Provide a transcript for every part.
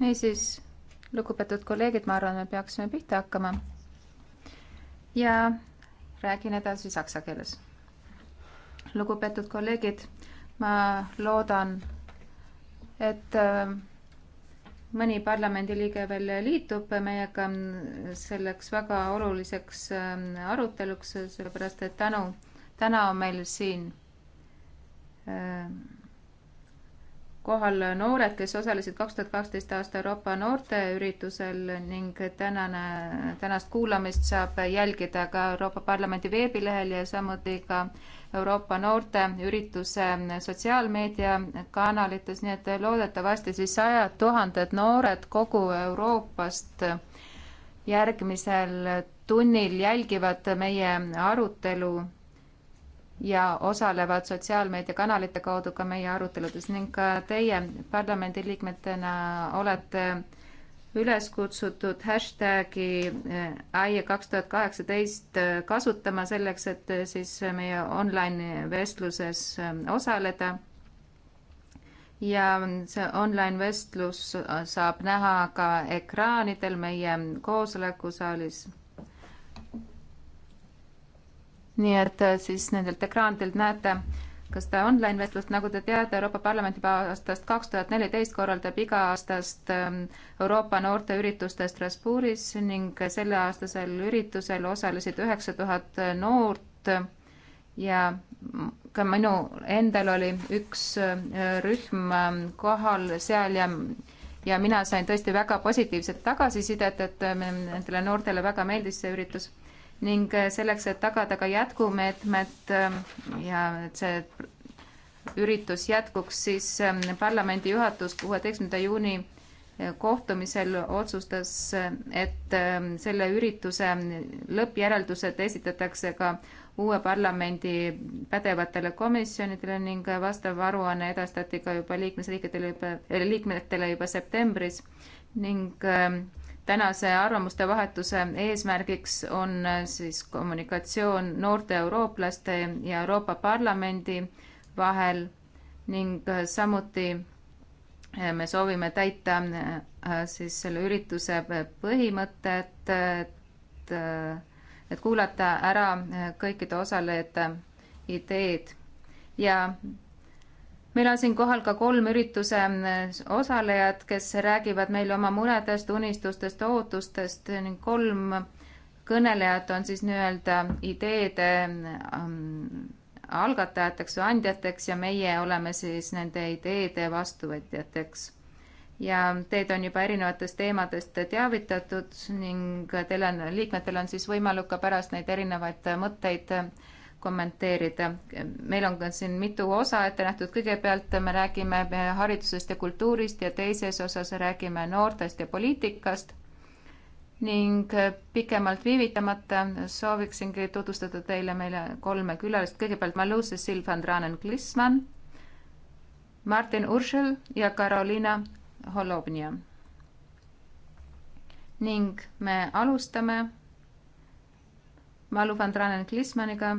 niisiis, lugupeetud kolleegid, ma arvan, me peaksime pihta hakkama. ja räägin edasi saksa keeles. lugupeetud kolleegid, ma loodan, et äh, mõni parlamendiliige veel liitub meiega selleks väga oluliseks äh, aruteluks, sellepärast et tänu, täna on meil siin äh, kohal noored, kes osalesid kaks tuhat kaksteist aasta Euroopa noorteüritusel ning tänane, tänast kuulamist saab jälgida ka Euroopa Parlamendi veebilehel ja samuti ka Euroopa noorteürituse sotsiaalmeediakanalites, nii et loodetavasti siis sajad tuhanded noored kogu Euroopast järgmisel tunnil jälgivad meie arutelu ja osalevad sotsiaalmeediakanalite kaudu ka meie aruteludes ning ka teie parlamendiliikmetena olete üles kutsutud hashtagi eh, AIE kaks tuhat kaheksateist eh, kasutama selleks, et eh, siis meie online vestluses osaleda. ja see online vestlus saab näha ka ekraanidel meie koosolekusaalis nii et äh, siis nendelt ekraanidelt näete, kas ta online vestlust, nagu te teate, Euroopa Parlament juba aastast kaks tuhat neliteist korraldab iga-aastast ähm, Euroopa noorteürituste Strasbourgis ning selleaastasel üritusel osalesid üheksa tuhat äh, noort ja ka minu endal oli üks äh, rühm ähm, kohal seal ja ja mina sain tõesti väga positiivset tagasisidet, et nendele noortele väga meeldis see üritus ning äh, selleks, et tagada ka jätkumeetmed ähm, ja et see üritus jätkuks, siis ähm, parlamendi juhatus kuueteistkümnenda juuni äh, kohtumisel otsustas, äh, et ähm, selle ürituse lõppjäreldused esitatakse ka uue parlamendi pädevatele komisjonidele ning vastav aruanne edastati ka juba liikmesriikidele juba, liikmetele juba septembris ning tänase arvamuste vahetuse eesmärgiks on äh, siis kommunikatsioon noorte eurooplaste ja Euroopa Parlamendi vahel ning äh, samuti äh, me soovime täita siis selle ürituse põhimõtet, et, et kuulata ära kõikide osalejate ideed ja meil on siin kohal ka kolm ürituse mm, osalejat, kes räägivad meile oma muredest, unistustest, ootustest ning kolm kõnelejat on siis nii-öelda ideede ähm, algatajateks või andjateks ja meie oleme siis nende ideede vastuvõtjateks. ja teid on juba erinevatest teemadest teavitatud ning teil on, liikmetel on siis võimalik ka pärast neid erinevaid mõtteid äh, kommenteerida. meil on ka siin mitu osa ette nähtud, kõigepealt me räägime haridusest ja kultuurist ja teises osas räägime noortest ja poliitikast ning pikemalt viivitamata sooviksingi tutvustada teile meile kolme külalist. kõigepealt Maluse Silvan Tranen-Klisman, Martin Urschel ja Karoliina Holobnia. ning me alustame Malu van Tranen-Klismaniga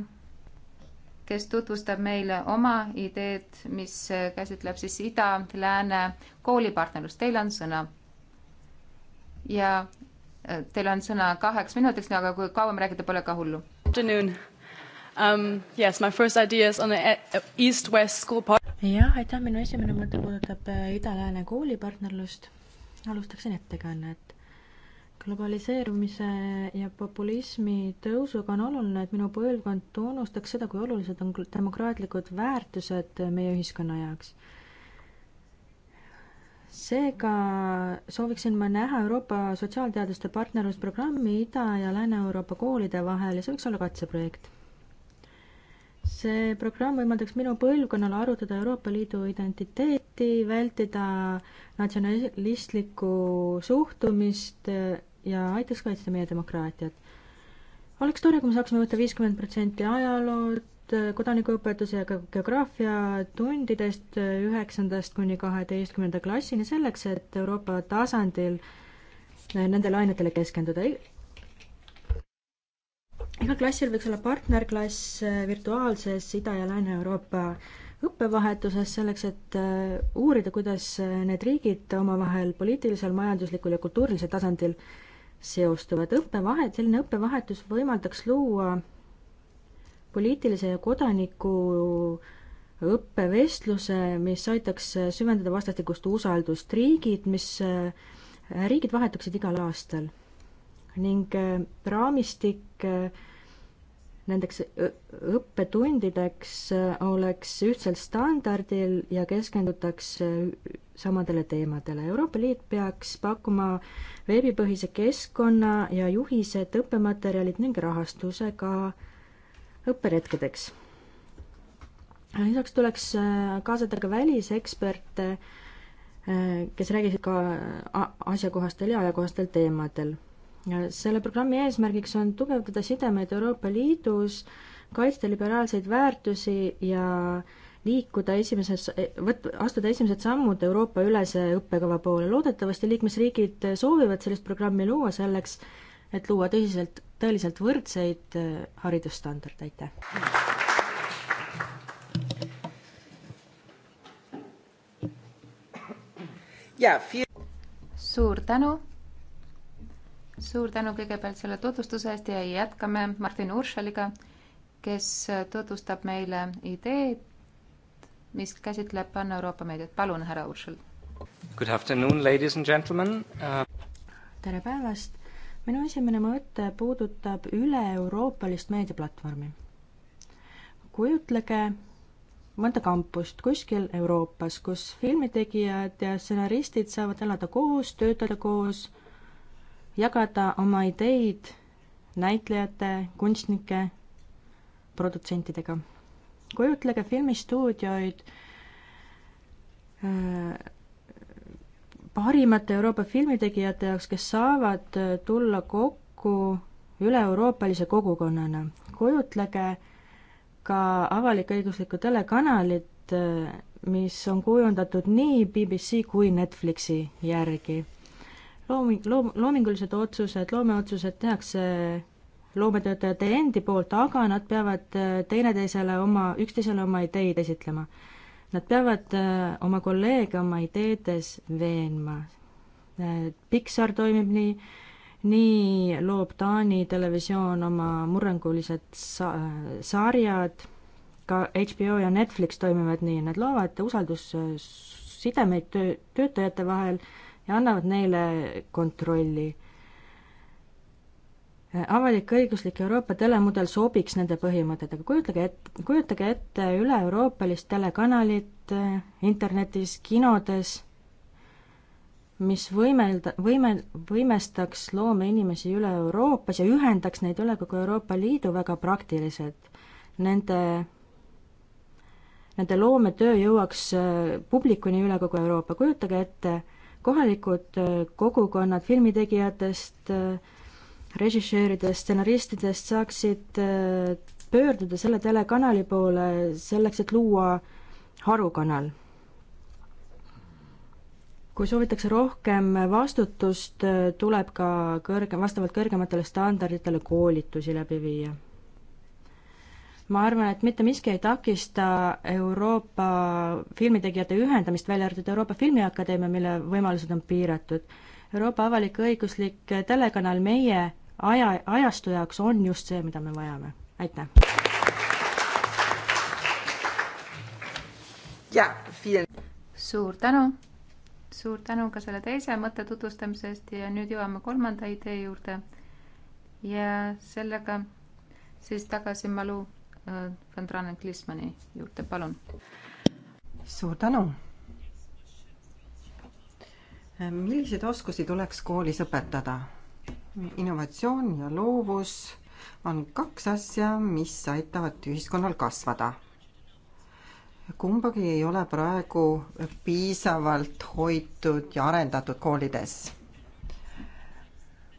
kes tutvustab meile oma ideed, mis käsitleb siis ida-lääne koolipartnerlust. Teil on sõna. ja äh, teil on sõna kaheks minutiks, aga kui kauem räägite, pole ka hullu. Um, yes, my first idea is on the uh, east-west school part-. jah, aitäh, minu esimene mõte puudutab äh, ida-lääne koolipartnerlust. alustaksin ettekannet globaliseerumise ja populismi tõusuga on oluline, et minu põlvkond tunnustaks seda, kui olulised on demokraatlikud väärtused meie ühiskonna jaoks. seega sooviksin ma näha Euroopa sotsiaalteaduste partnerlusprogrammi Ida- ja Lääne-Euroopa koolide vahel ja see võiks olla katseprojekt see programm võimaldaks minu põlvkonnal arutada Euroopa Liidu identiteeti, vältida natsionalistlikku suhtumist ja aitaks kaitsta meie demokraatiat. oleks tore, kui me saaksime võtta viiskümmend protsenti ajalood, kodanikuõpetuse ja ka geograafia tundidest üheksandast kuni kaheteistkümnenda klassini selleks, et Euroopa tasandil nendele ainetele keskenduda igal klassil võiks olla partnerklass eh, virtuaalses Ida- ja Lääne-Euroopa õppevahetuses selleks, et eh, uurida, kuidas eh, need riigid omavahel poliitilisel, majanduslikul ja kultuurilisel tasandil seostuvad. õppevahet, selline õppevahetus võimaldaks luua poliitilise ja kodaniku õppevestluse, mis aitaks süvendada vastastikust usaldust. riigid, mis, riigid vahetuksid igal aastal ning raamistik nendeks õppetundideks oleks ühtsel standardil ja keskendutaks samadele teemadele. Euroopa Liit peaks pakkuma veebipõhise keskkonna ja juhised, õppematerjalid ning rahastuse ka õpperetkedeks. lisaks tuleks äh, kaasata ka väliseksperte, äh, kes räägiksid ka äh, asjakohastel ja ajakohastel teemadel. selle programmi eesmärgiks on tugevdada sidemeid Euroopa Liidus, kaitsta liberaalseid väärtusi ja äh, liikuda esimeses, võt-, astuda esimesed sammud Euroopa-ülese õppekava poole. loodetavasti liikmesriigid soovivad sellist programmi luua selleks, et luua tõsiselt, tõeliselt võrdseid äh, haridusstandardeid, aitäh! suur tänu! suur tänu kõigepealt selle tutvustuse eest ja jätkame Martin Urschaliga, kes tutvustab meile ideed mis käsitleb Pan-Euroopa meediat. palun, härra Ursul. Good afternoon, ladies and gentlemen uh.... tere päevast. minu esimene mõte puudutab üle-euroopalist meediaplatvormi. kujutlege mõnda kampust kuskil Euroopas, kus filmitegijad ja stsenaristid saavad elada koos, töötada koos, jagada oma ideid näitlejate, kunstnike, produtsentidega kujutlege filmistuudioid äh, parimate Euroopa filmitegijate jaoks, kes saavad äh, tulla kokku üle-euroopalise kogukonnana. kujutlege ka avalik-õiguslikku telekanalit, äh, mis on kujundatud nii BBC kui Netflixi järgi. loomi-, loom-, loomingulised otsused, loomeotsused tehakse loometöötajate endi poolt, aga nad peavad äh, teineteisele oma, üksteisele oma ideid esitlema. Nad peavad äh, oma kolleege oma ideedes veenma. Äh, Pixar toimib nii, nii loob Taani televisioon oma murrangulised sa-, sarjad, ka HBO ja Netflix toimivad nii, nad loovad usaldussidemeid töö, töötajate vahel ja annavad neile kontrolli avalik-õiguslik Euroopa telemudel sobiks nende põhimõtetega, kujutage ette, kujutage ette üle-euroopalist telekanalit eh, internetis, kinodes, mis võimelda, võime, võimestaks loomeinimesi üle Euroopas ja ühendaks neid üle kogu Euroopa Liidu väga praktiliselt. Nende, nende loometöö jõuaks eh, publikuni üle kogu Euroopa, kujutage ette, kohalikud eh, kogukonnad filmitegijatest äh, režissööride, stsenaristidest saaksid äh, pöörduda selle telekanali poole selleks, et luua harukanal. kui soovitakse rohkem vastutust, äh, tuleb ka kõrge, vastavalt kõrgematele standarditele koolitusi läbi viia. ma arvan, et mitte miski ei takista Euroopa filmitegijate ühendamist, välja arvatud Euroopa Filmiakadeemia, mille võimalused on piiratud Euroopa avalik-õiguslik telekanal meie aja, ajastu jaoks on just see, mida me vajame, aitäh! suur tänu, suur tänu ka selle teise mõtte tutvustamise eest ja nüüd jõuame kolmanda idee juurde. ja sellega siis tagasi Malu äh, von Tranen-Klismani juurde, palun. suur tänu Ehm, milliseid oskusi tuleks koolis õpetada? innovatsioon ja loovus on kaks asja, mis aitavad ühiskonnal kasvada. kumbagi ei ole praegu piisavalt hoitud ja arendatud koolides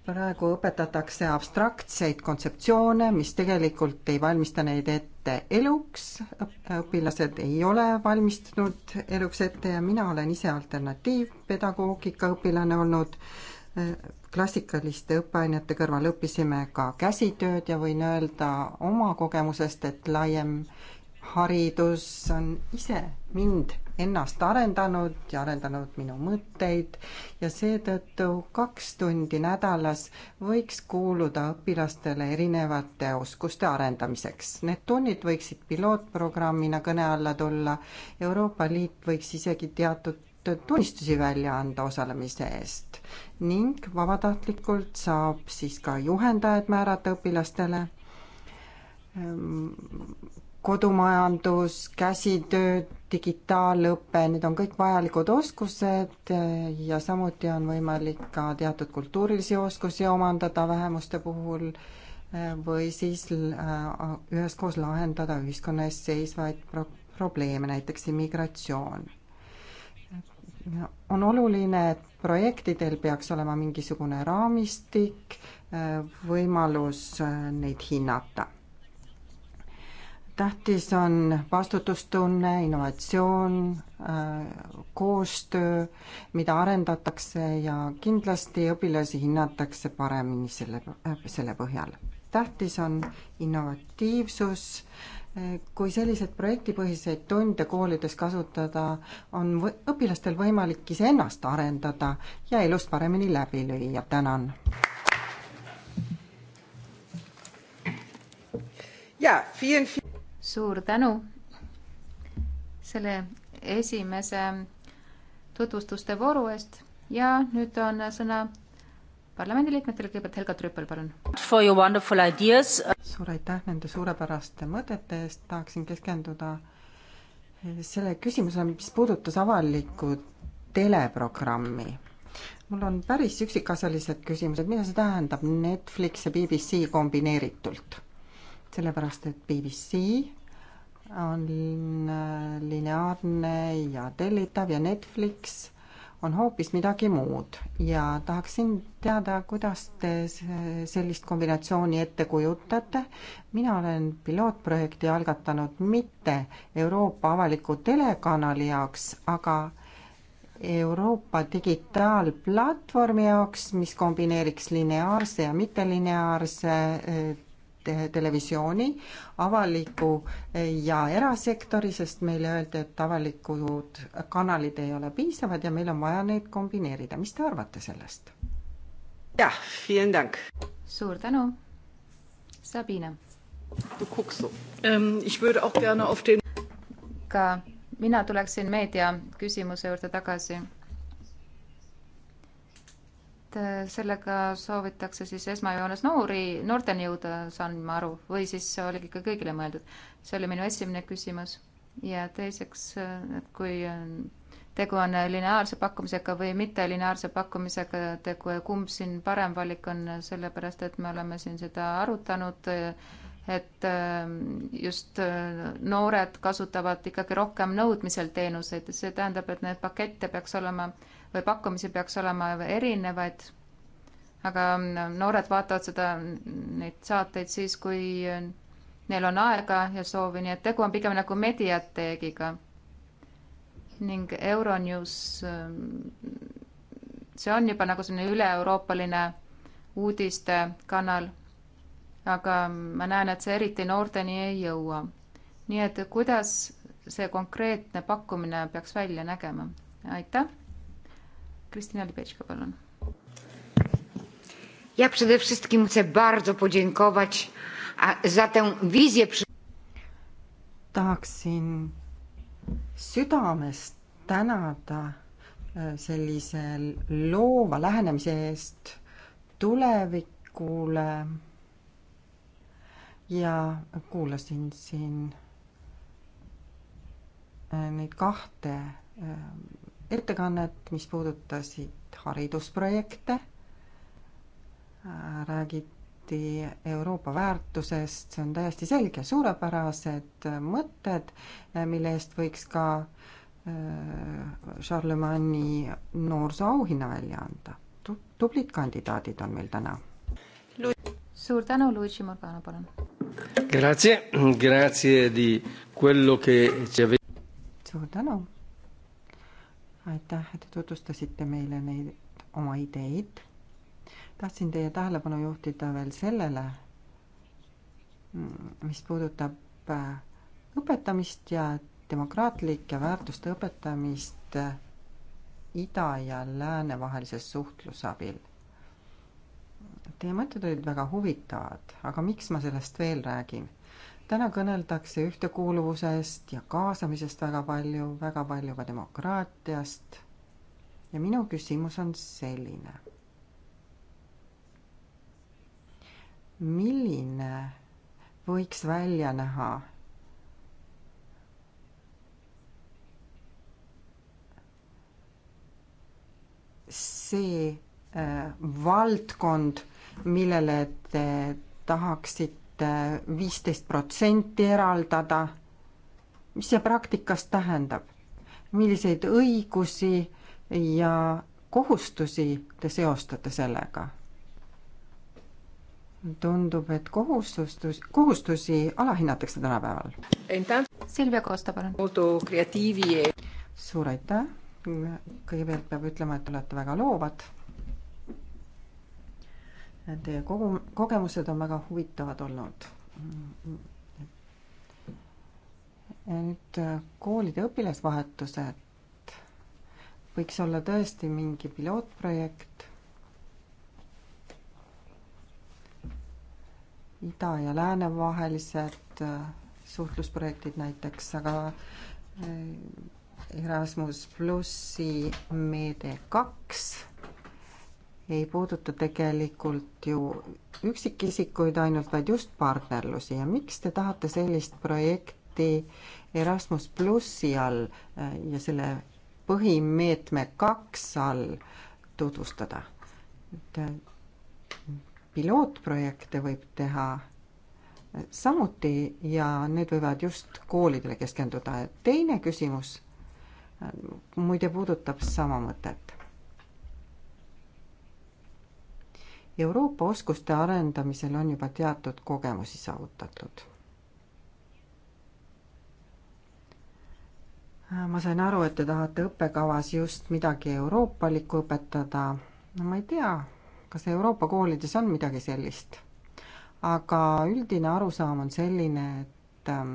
praegu õpetatakse abstraktseid kontseptsioone, mis tegelikult ei valmista neid ette eluks, õpilased ei ole valmistunud eluks ette ja mina olen ise alternatiivpedagoogika õpilane olnud, klassikaliste õppeainete kõrval õppisime ka käsitööd ja võin öelda oma kogemusest, et laiem haridus on ise mind ennast arendanud ja arendanud minu mõtteid ja seetõttu kaks tundi nädalas võiks kuuluda õpilastele erinevate oskuste arendamiseks. Need tunnid võiksid pilootprogrammina kõne alla tulla, Euroopa Liit võiks isegi teatud tunnistusi välja anda osalemise eest ning vabatahtlikult saab siis ka juhendajad määrata õpilastele kodumajandus, käsitöö, digitaalõpe, need on kõik vajalikud oskused eh, ja samuti on võimalik ka teatud kultuurilisi oskusi omandada vähemuste puhul eh, või siis eh, üheskoos lahendada ühiskonna ees seisvaid pro probleeme, näiteks immigratsioon. on oluline, et projektidel peaks olema mingisugune raamistik, võimalus neid hinnata tähtis on vastutustunne, innovatsioon, äh, koostöö, mida arendatakse ja kindlasti õpilasi hinnatakse paremini selle, äh, selle põhjal. tähtis on innovatiivsus, äh, kui selliseid projektipõhiseid tunde koolides kasutada, on või, õpilastel võimalik iseennast arendada ja elust paremini läbi lüüa, tänan. jaa, vielen, vielen suur tänu selle esimese tutvustuste vooru eest ja nüüd on sõna parlamendiliikmetele, kõigepealt Helga Trüppel, palun. suur aitäh nende suurepäraste mõtete eest, tahaksin keskenduda eh, selle küsimusele, mis puudutas avalikku teleprogrammi. mul on päris üksikasjalised küsimused, mida see tähendab Netflix ja BBC kombineeritult? sellepärast, et BBC on äh, lineaarne ja tellitav ja Netflix on hoopis midagi muud ja tahaksin teada, kuidas te sellist kombinatsiooni ette kujutate. mina olen pilootprojekti algatanud mitte Euroopa avaliku telekanali jaoks, aga Euroopa digitaalplatvormi jaoks, mis kombineeriks lineaarse ja mittelineaarse äh, televisiooni, avaliku ja erasektori, sest meile öeldi, et avalikud kanalid ei ole piisavad ja meil on vaja neid kombineerida. mis te arvate sellest? jah, vielen dank. suur tänu. Sabine. Du guckst so. Ähm, ich würde auch gerne auf den ka mina tuleksin meedia küsimuse juurde tagasi et äh, sellega soovitakse siis esmajoones noori, noorteni jõuda, saan ma aru, või siis oligi ikka kõigile mõeldud? see oli minu esimene küsimus. ja teiseks, äh, et kui äh, tegu on lineaarse pakkumisega või mittelineaarse pakkumisega tegu ja kumb siin parem valik on, sellepärast et me oleme siin seda arutanud, et just noored kasutavad ikkagi rohkem nõudmisel teenuseid, see tähendab, et neid pakette peaks olema äh, või pakkumisi peaks olema erinevaid, aga noored vaatavad seda, neid saateid siis, kui neil on aega ja soovi, nii et tegu on pigem nagu mediateegiga. ning Euronews, see on juba nagu selline üle-euroopaline uudistekanal, aga ma näen, et see eriti noorteni ei jõua. nii et kuidas see konkreetne pakkumine peaks välja nägema? aitäh! Kristina Libeczka, palun. Ja przede wszystkim chcę bardzo podziękować za tę wizję. tahaksin südamest tänada e, sellise loova lähenemise eest tulevikule. ja kuulasin siin e, neid kahte e, ettekannet, mis puudutasid haridusprojekte, räägiti Euroopa väärtusest, see on täiesti selge, suurepärased mõtted, mille eest võiks ka äh, Charlemagne'i noorsooauhinna välja anda. tublid kandidaadid on meil täna. suur tänu, Luigi Morgana, palun. Grazie, grazie di quello che ci ave-. suur tänu aitäh, et te tutvustasite meile neid oma ideid. tahtsin teie tähelepanu juhtida veel sellele, mm, mis puudutab äh, õpetamist ja demokraatlike väärtuste õpetamist äh, ida ja lääne vahelise suhtluse abil. Teie mõtted olid väga huvitavad, aga miks ma sellest veel räägin? täna kõneldakse ühtekuuluvusest ja kaasamisest väga palju, väga palju ka demokraatiast. ja minu küsimus on selline. milline võiks välja näha see äh, valdkond, millele te tahaksite Äh, viisteist protsenti eraldada. mis see praktikas tähendab? milliseid õigusi ja kohustusi te seostate sellega? tundub, et kohustus, kohustusi alahinnatakse tänapäeval. Silvia Kosta, palun. suur aitäh. kõigepealt peab ütlema, et olete väga loovad Teie kogu, kogemused on väga huvitavad olnud. nüüd äh, koolide õpilasvahetused võiks olla tõesti mingi pilootprojekt ida ja lääne vahelised äh, suhtlusprojektid näiteks, aga äh, Erasmus plussi meede kaks ei puuduta tegelikult ju üksikisikuid ainult, vaid just partnerlusi ja miks te tahate sellist projekti Erasmus plussi all äh, ja selle põhimeetme kaks all tutvustada? et äh, pilootprojekte võib teha äh, samuti ja need võivad just koolidele keskenduda. teine küsimus muide puudutab sama mõtet Euroopa oskuste arendamisel on juba teatud kogemusi saavutatud. ma sain aru, et te tahate õppekavas just midagi euroopalikku õpetada. no ma ei tea, kas Euroopa koolides on midagi sellist. aga üldine arusaam on selline, et ähm,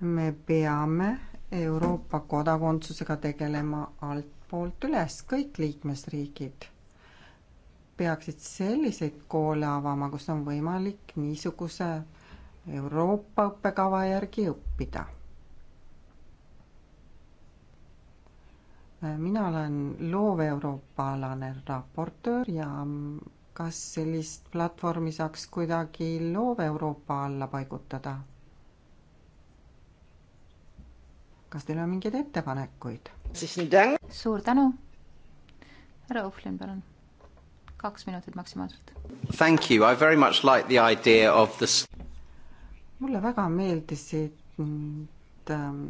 me peame Euroopa kodakondsusega tegelema alt poolt üles, kõik liikmesriigid peaksid selliseid koole avama, kus on võimalik niisuguse Euroopa õppekava järgi õppida. mina olen loov Euroopa-alane raportöör ja kas sellist platvormi saaks kuidagi loov Euroopa alla paigutada? kas teil on mingeid ettepanekuid? suur tänu. härra Uhhlin, palun. kaks minutit maksimaalselt. Thank you, I very much like the idea of the mulle väga meeldisid ähm,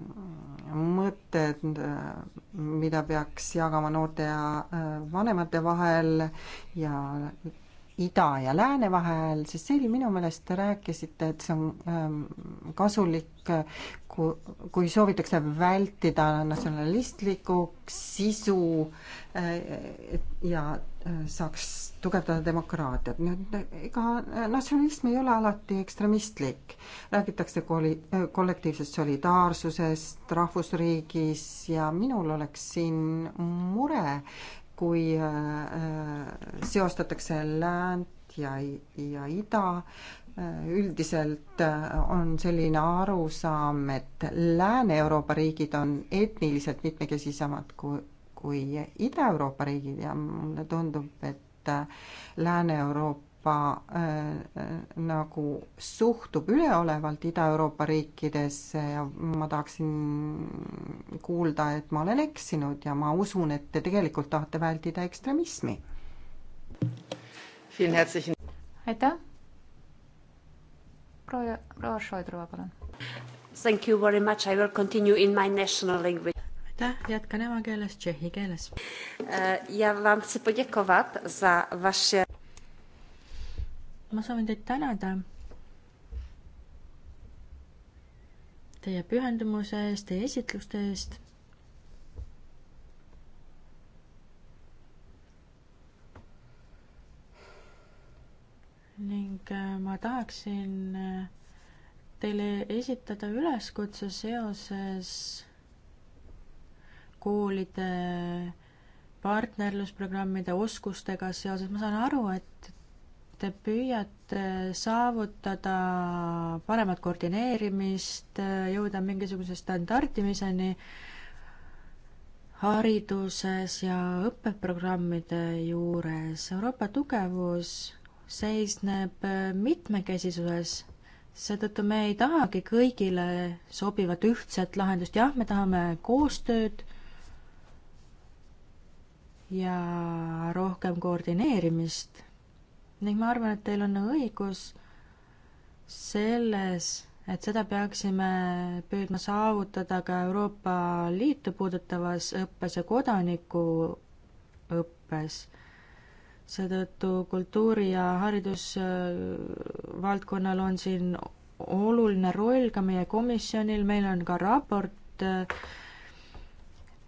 mõtted, äh, mida peaks jagama noorte ja äh, vanemate vahel ja ida ja lääne vahel, sest Seili, minu meelest te rääkisite, et see on ähm, kasulik, äh, kui, kui soovitakse vältida natsionalistlikuks sisu äh, ja äh, saaks tugevdada demokraatiat. nüüd ega natsionalism ei ole alati ekstremistlik. räägitakse kolli-, kollektiivsest solidaarsusest, rahvusriigis ja minul oleks siin mure, kui äh, äh, seostatakse läänt ja, ja ida, äh, üldiselt on selline arusaam, et Lääne-Euroopa riigid on etniliselt mitmekesisemad kui, kui Ida-Euroopa riigid ja mulle tundub, et Lääne-Euroopa Euroopa äh, äh, nagu suhtub üleolevalt Ida-Euroopa riikidesse ja ma tahaksin kuulda, et ma olen eksinud ja ma usun, et te tegelikult tahate vältida ekstremismi. aitäh. proua, proua Šoidrova, palun. Thank you very much, I will continue in my national language aitäh, jätkan emakeeles, tšehhi keeles. Äh, ja vám chci poděkovat za vaše ma soovin teid tänada teie pühendumuse eest, teie esitluste eest. ning äh, ma tahaksin äh, teile esitada üleskutse seoses koolide partnerlusprogrammide oskustega seoses, ma saan aru, et te püüate saavutada paremat koordineerimist, jõuda mingisuguse standardimiseni hariduses ja õppeprogrammide juures. Euroopa tugevus seisneb mitmekesisuses, seetõttu me ei tahagi kõigile sobivat ühtset lahendust, jah, me tahame koostööd ja rohkem koordineerimist ning ma arvan, et teil on õigus selles, et seda peaksime püüdma saavutada ka Euroopa Liitu puudutavas õppes ja kodanikuõppes. seetõttu kultuuri- ja haridusvaldkonnal on siin oluline roll ka meie komisjonil, meil on ka raport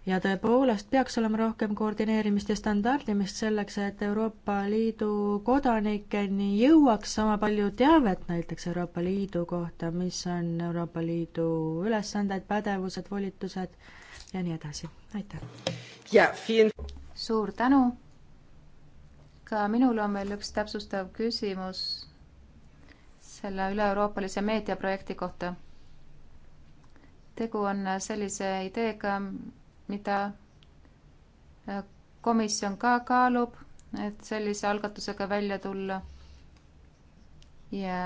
ja tõepoolest peaks olema rohkem koordineerimist ja standardimist selleks, et Euroopa Liidu kodanikeni jõuaks sama palju teavet näiteks Euroopa Liidu kohta, mis on Euroopa Liidu ülesanded, pädevused, volitused ja nii edasi. aitäh! suur tänu! ka minul on veel üks täpsustav küsimus selle üle-euroopalise meediaprojekti kohta tegu on sellise ideega, mida äh, komisjon ka kaalub, et sellise algatusega välja tulla. ja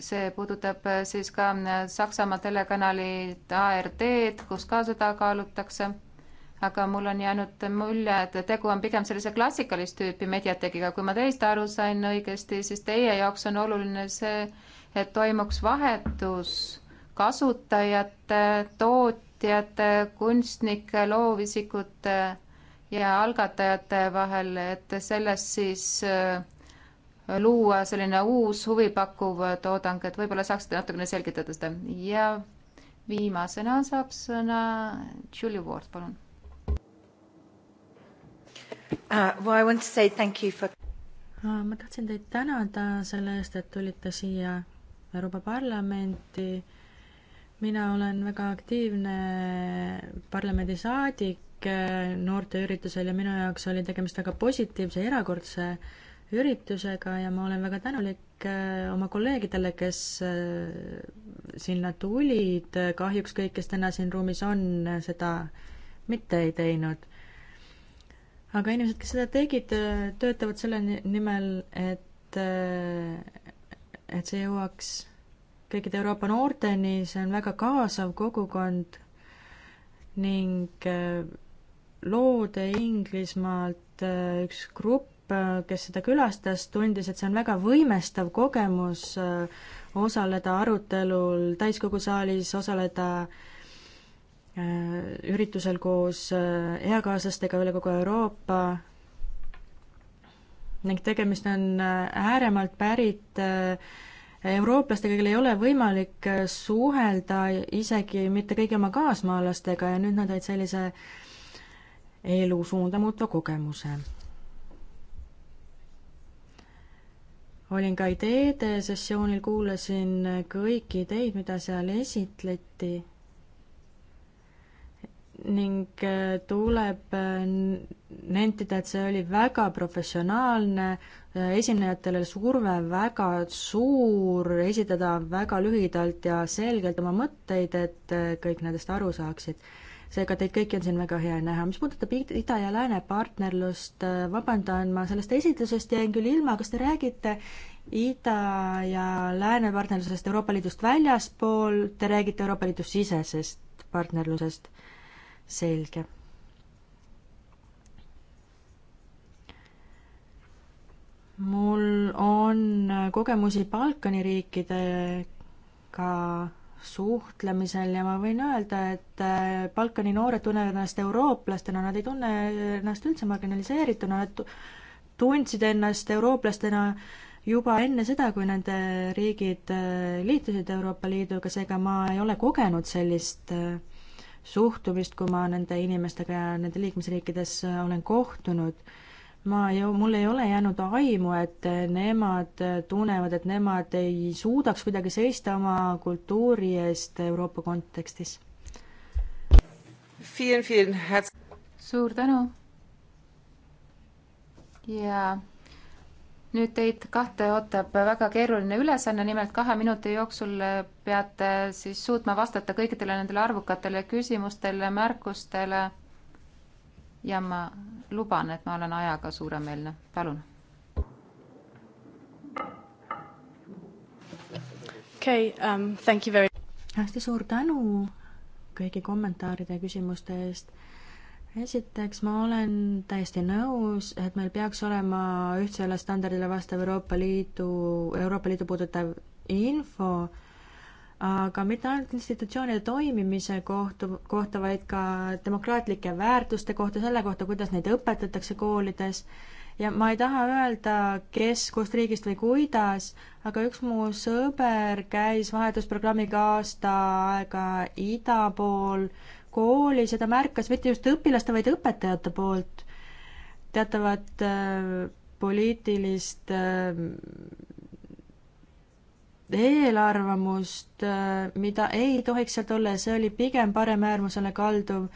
see puudutab äh, siis ka äh, Saksamaa telekanali ARD-d, kus ka seda kaalutakse. aga mul on jäänud mulje, et tegu on pigem sellise klassikalist tüüpi mediatekiga. kui ma teist aru sain õigesti, siis teie jaoks on oluline see, et toimuks vahetus kasutajate, toot-, ettevõtjate, kunstnike, loovisikute ja algatajate vahel, et sellest siis äh, luua selline uus huvipakkuv toodang, et võib-olla saaksite natukene selgitada seda. ja viimasena saab sõna Julie Ward, palun uh,. Well, I want to say thank you for uh, ma tahtsin teid tänada selle eest, et tulite siia Euroopa Parlamenti mina olen väga aktiivne parlamendisaadik äh, noorteüritusel ja minu jaoks oli tegemist väga positiivse ja erakordse üritusega ja ma olen väga tänulik äh, oma kolleegidele, kes äh, sinna tulid, kahjuks kõik, kes täna siin ruumis on, seda mitte ei teinud. aga inimesed, kes seda tegid, töötavad selle nimel, et, et see jõuaks kõikide Euroopa noorteni, see on väga kaasav kogukond ning äh, loode Inglismaalt äh, üks grupp, äh, kes seda külastas, tundis, et see on väga võimestav kogemus osaleda arutelul täiskogu saalis, osaleda üritusel koos eakaaslastega üle kogu Euroopa ning tegemist on ääremaalt pärit äh, eurooplastega, kellel ei ole võimalik äh, suhelda isegi mitte kõigi oma kaasmaalastega ja nüüd nad olid sellise elu suunda muutva kogemuse. olin ka ideede sessioonil, kuulasin kõiki ideid, mida seal esitleti ning äh, tuleb äh, nentida, et see oli väga professionaalne, esinejatele surve väga suur esitada väga lühidalt ja selgelt oma mõtteid, et kõik nendest aru saaksid. seega teid kõiki on siin väga hea näha. mis puudutab ida ja lääne partnerlust, vabandan, ma sellest esitlusest jäin küll ilma, kas te räägite ida ja lääne partnerlusest Euroopa Liidust väljaspool, te räägite Euroopa Liidu sisesest partnerlusest? selge mul on äh, kogemusi Balkani riikidega suhtlemisel ja ma võin öelda, et äh, Balkani noored tunnevad ennast eurooplastena, nad ei tunne ennast üldse marginaliseerituna, nad tundsid ennast eurooplastena juba enne seda, kui nende riigid äh, liitusid Euroopa Liiduga, seega ma ei ole kogenud sellist suhtumist, kui ma nende inimestega ja nende liikmesriikides olen kohtunud ma ju, mul ei ole jäänud aimu, et nemad tunnevad, et nemad ei suudaks kuidagi seista oma kultuuri eest Euroopa kontekstis. suur tänu. ja nüüd teid kahte ootab väga keeruline ülesanne, nimelt kahe minuti jooksul peate siis suutma vastata kõikidele nendele arvukatele küsimustele, märkustele ja ma luban, et ma olen ajaga suuremeelne, palun. okei okay, um,, thank you very. hästi suur tänu kõigi kommentaaride ja küsimuste eest esiteks ma olen täiesti nõus, et meil peaks olema ühtsele standardile vastav Euroopa Liidu, Euroopa Liidu puudutav info aga mitte ainult institutsioonide toimimise kohtu, kohta, vaid ka demokraatlike väärtuste kohta, selle kohta, kuidas neid õpetatakse koolides. ja ma ei taha öelda, kes, kust riigist või kuidas, aga üks mu sõber käis vahetusprogrammiga aasta aega ida pool koolis ja ta märkas mitte just õpilaste, vaid õpetajate poolt teatavat äh, poliitilist äh, eelarvamust, äh, mida ei tohiks sealt olla ja see oli pigem paremäärmusele kalduv.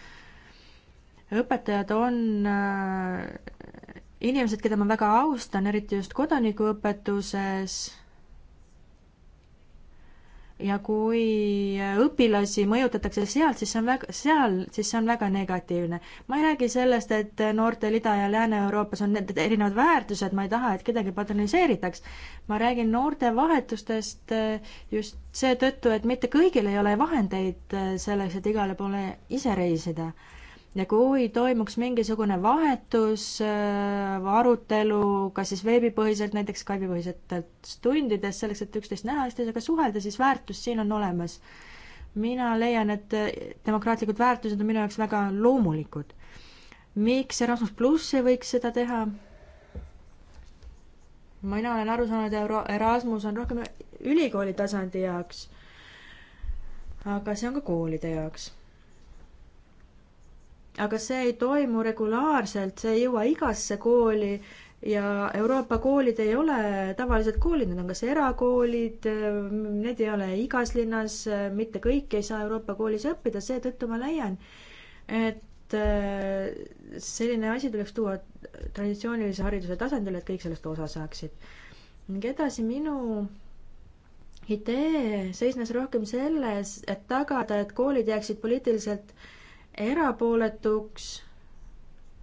õpetajad on äh, inimesed, keda ma väga austan, eriti just kodanikuõpetuses ja kui õpilasi mõjutatakse sealt, siis see on väga, seal, siis see on väga negatiivne. ma ei räägi sellest, et noortel Ida- ja Lääne-Euroopas on need erinevad väärtused, ma ei taha, et kedagi patroniseeritaks. ma räägin noortevahetustest eh, just seetõttu, et mitte kõigil ei ole vahendeid eh, selleks, et igale poole ise reisida ja kui toimuks mingisugune vahetus äh,, arutelu, kas siis veebipõhiselt, näiteks Skype'i põhiselt tundides, selleks, et üksteist näha, üksteisega suhelda, siis väärtus siin on olemas. mina leian, et äh, demokraatlikud väärtused on minu jaoks väga loomulikud. miks Erasmus pluss ei võiks seda teha? mina olen aru saanud, Erasmus on rohkem ülikooli tasandi jaoks, aga see on ka koolide jaoks aga see ei toimu regulaarselt, see ei jõua igasse kooli ja Euroopa koolid ei ole tavalised koolid, need on kas erakoolid, need ei ole igas linnas, mitte kõik ei saa Euroopa koolis õppida, seetõttu ma leian, et äh, selline asi tuleks tuua traditsioonilise hariduse tasandile, et kõik sellest osa saaksid. ning edasi minu idee seisnes rohkem selles, et tagada, et koolid jääksid poliitiliselt äh, erapooletuks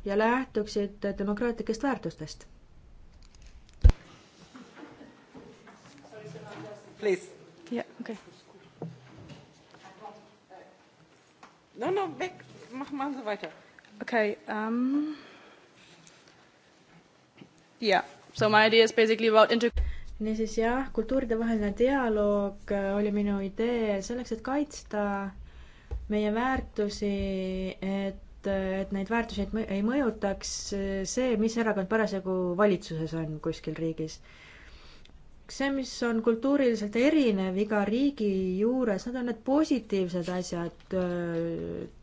ja lähtuksid demokraatlikest väärtustest. Please. Yeah, okay. No, no, weg. Mach mal so weiter. Okay. Um, yeah. So my idea is basically about inter- niisiis jah, kultuuridevaheline dialoog oli minu idee selleks, et kaitsta äh, meie väärtusi, et, et neid väärtusi ei mõjutaks see, mis erakond parasjagu valitsuses on kuskil riigis. see, mis on kultuuriliselt erinev iga riigi juures, need on need positiivsed asjad,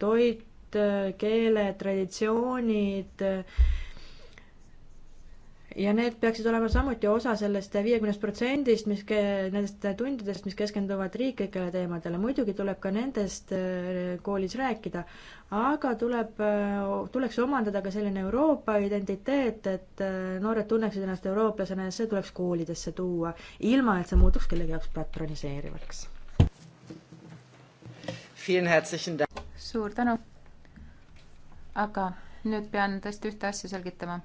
toit, keele, traditsioonid, ja need peaksid olema samuti osa sellest viiekümnest protsendist, mis ke-, nendest tundidest, mis keskenduvad riiklikele teemadele. muidugi tuleb ka nendest äh, koolis rääkida, aga tuleb, äh, tuleks omandada ka selline Euroopa identiteet, et äh, noored tunneksid ennast eurooplasena ja see tuleks koolidesse tuua, ilma et see muutuks kellegi jaoks patroniseerivaks. suur tänu. aga nüüd pean tõesti ühte asja selgitama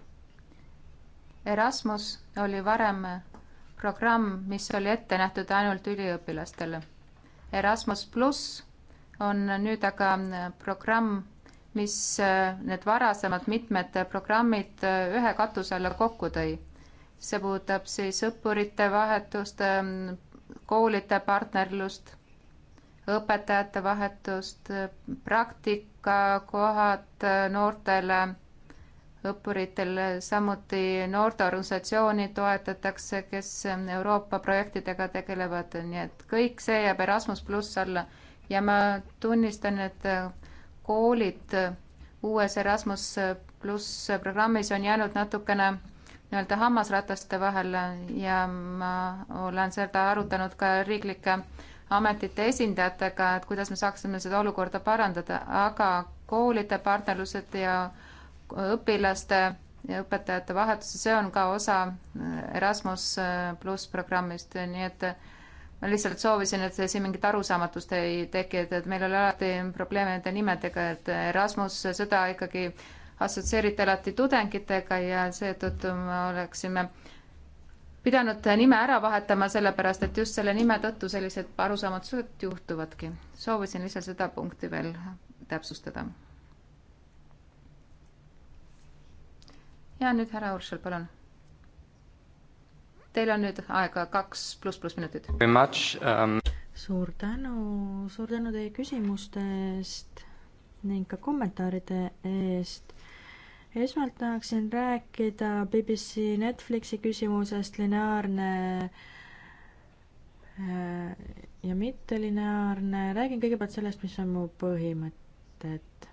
Erasmus oli varem programm, mis oli ette nähtud ainult üliõpilastele. Erasmus pluss on nüüd aga programm, mis äh, need varasemad mitmed programmid äh, ühe katuse alla kokku tõi. see puudutab siis õppurite vahetust, ähm, koolide partnerlust, õpetajate vahetust, äh, praktikakohad noortele õppuritel, samuti noorteorganisatsiooni toetatakse, kes Euroopa projektidega tegelevad, nii et kõik see jääb Erasmus pluss alla. ja ma tunnistan, et koolid uues Erasmus pluss programmis on jäänud natukene nii-öelda hammasrataste vahele ja ma olen seda arutanud ka riiklike ametite esindajatega, et kuidas me saaksime seda olukorda parandada, aga koolide partnerlused ja äh, õpilaste ja õpetajate vahetusse, see on ka osa äh, Erasmus äh, pluss programmist, nii et äh, ma lihtsalt soovisin, et siin mingit arusaamatust ei teki, et, et meil oli alati probleeme nende nimedega, et Erasmus, seda ikkagi assotsieeriti alati tudengitega ja seetõttu me oleksime pidanud nime ära vahetama, sellepärast et just selle nime tõttu sellised arusaamatused juhtuvadki. soovisin lihtsalt seda punkti veel täpsustada ja nüüd härra Uršel, palun. Teil on nüüd aega kaks pluss pluss minutit. Um... suur tänu, suur tänu teie küsimuste eest ning ka kommentaaride eest. esmalt tahaksin rääkida BBC Netflixi küsimusest lineaarne äh, ja mittelineaarne, räägin kõigepealt sellest, mis on mu põhimõtted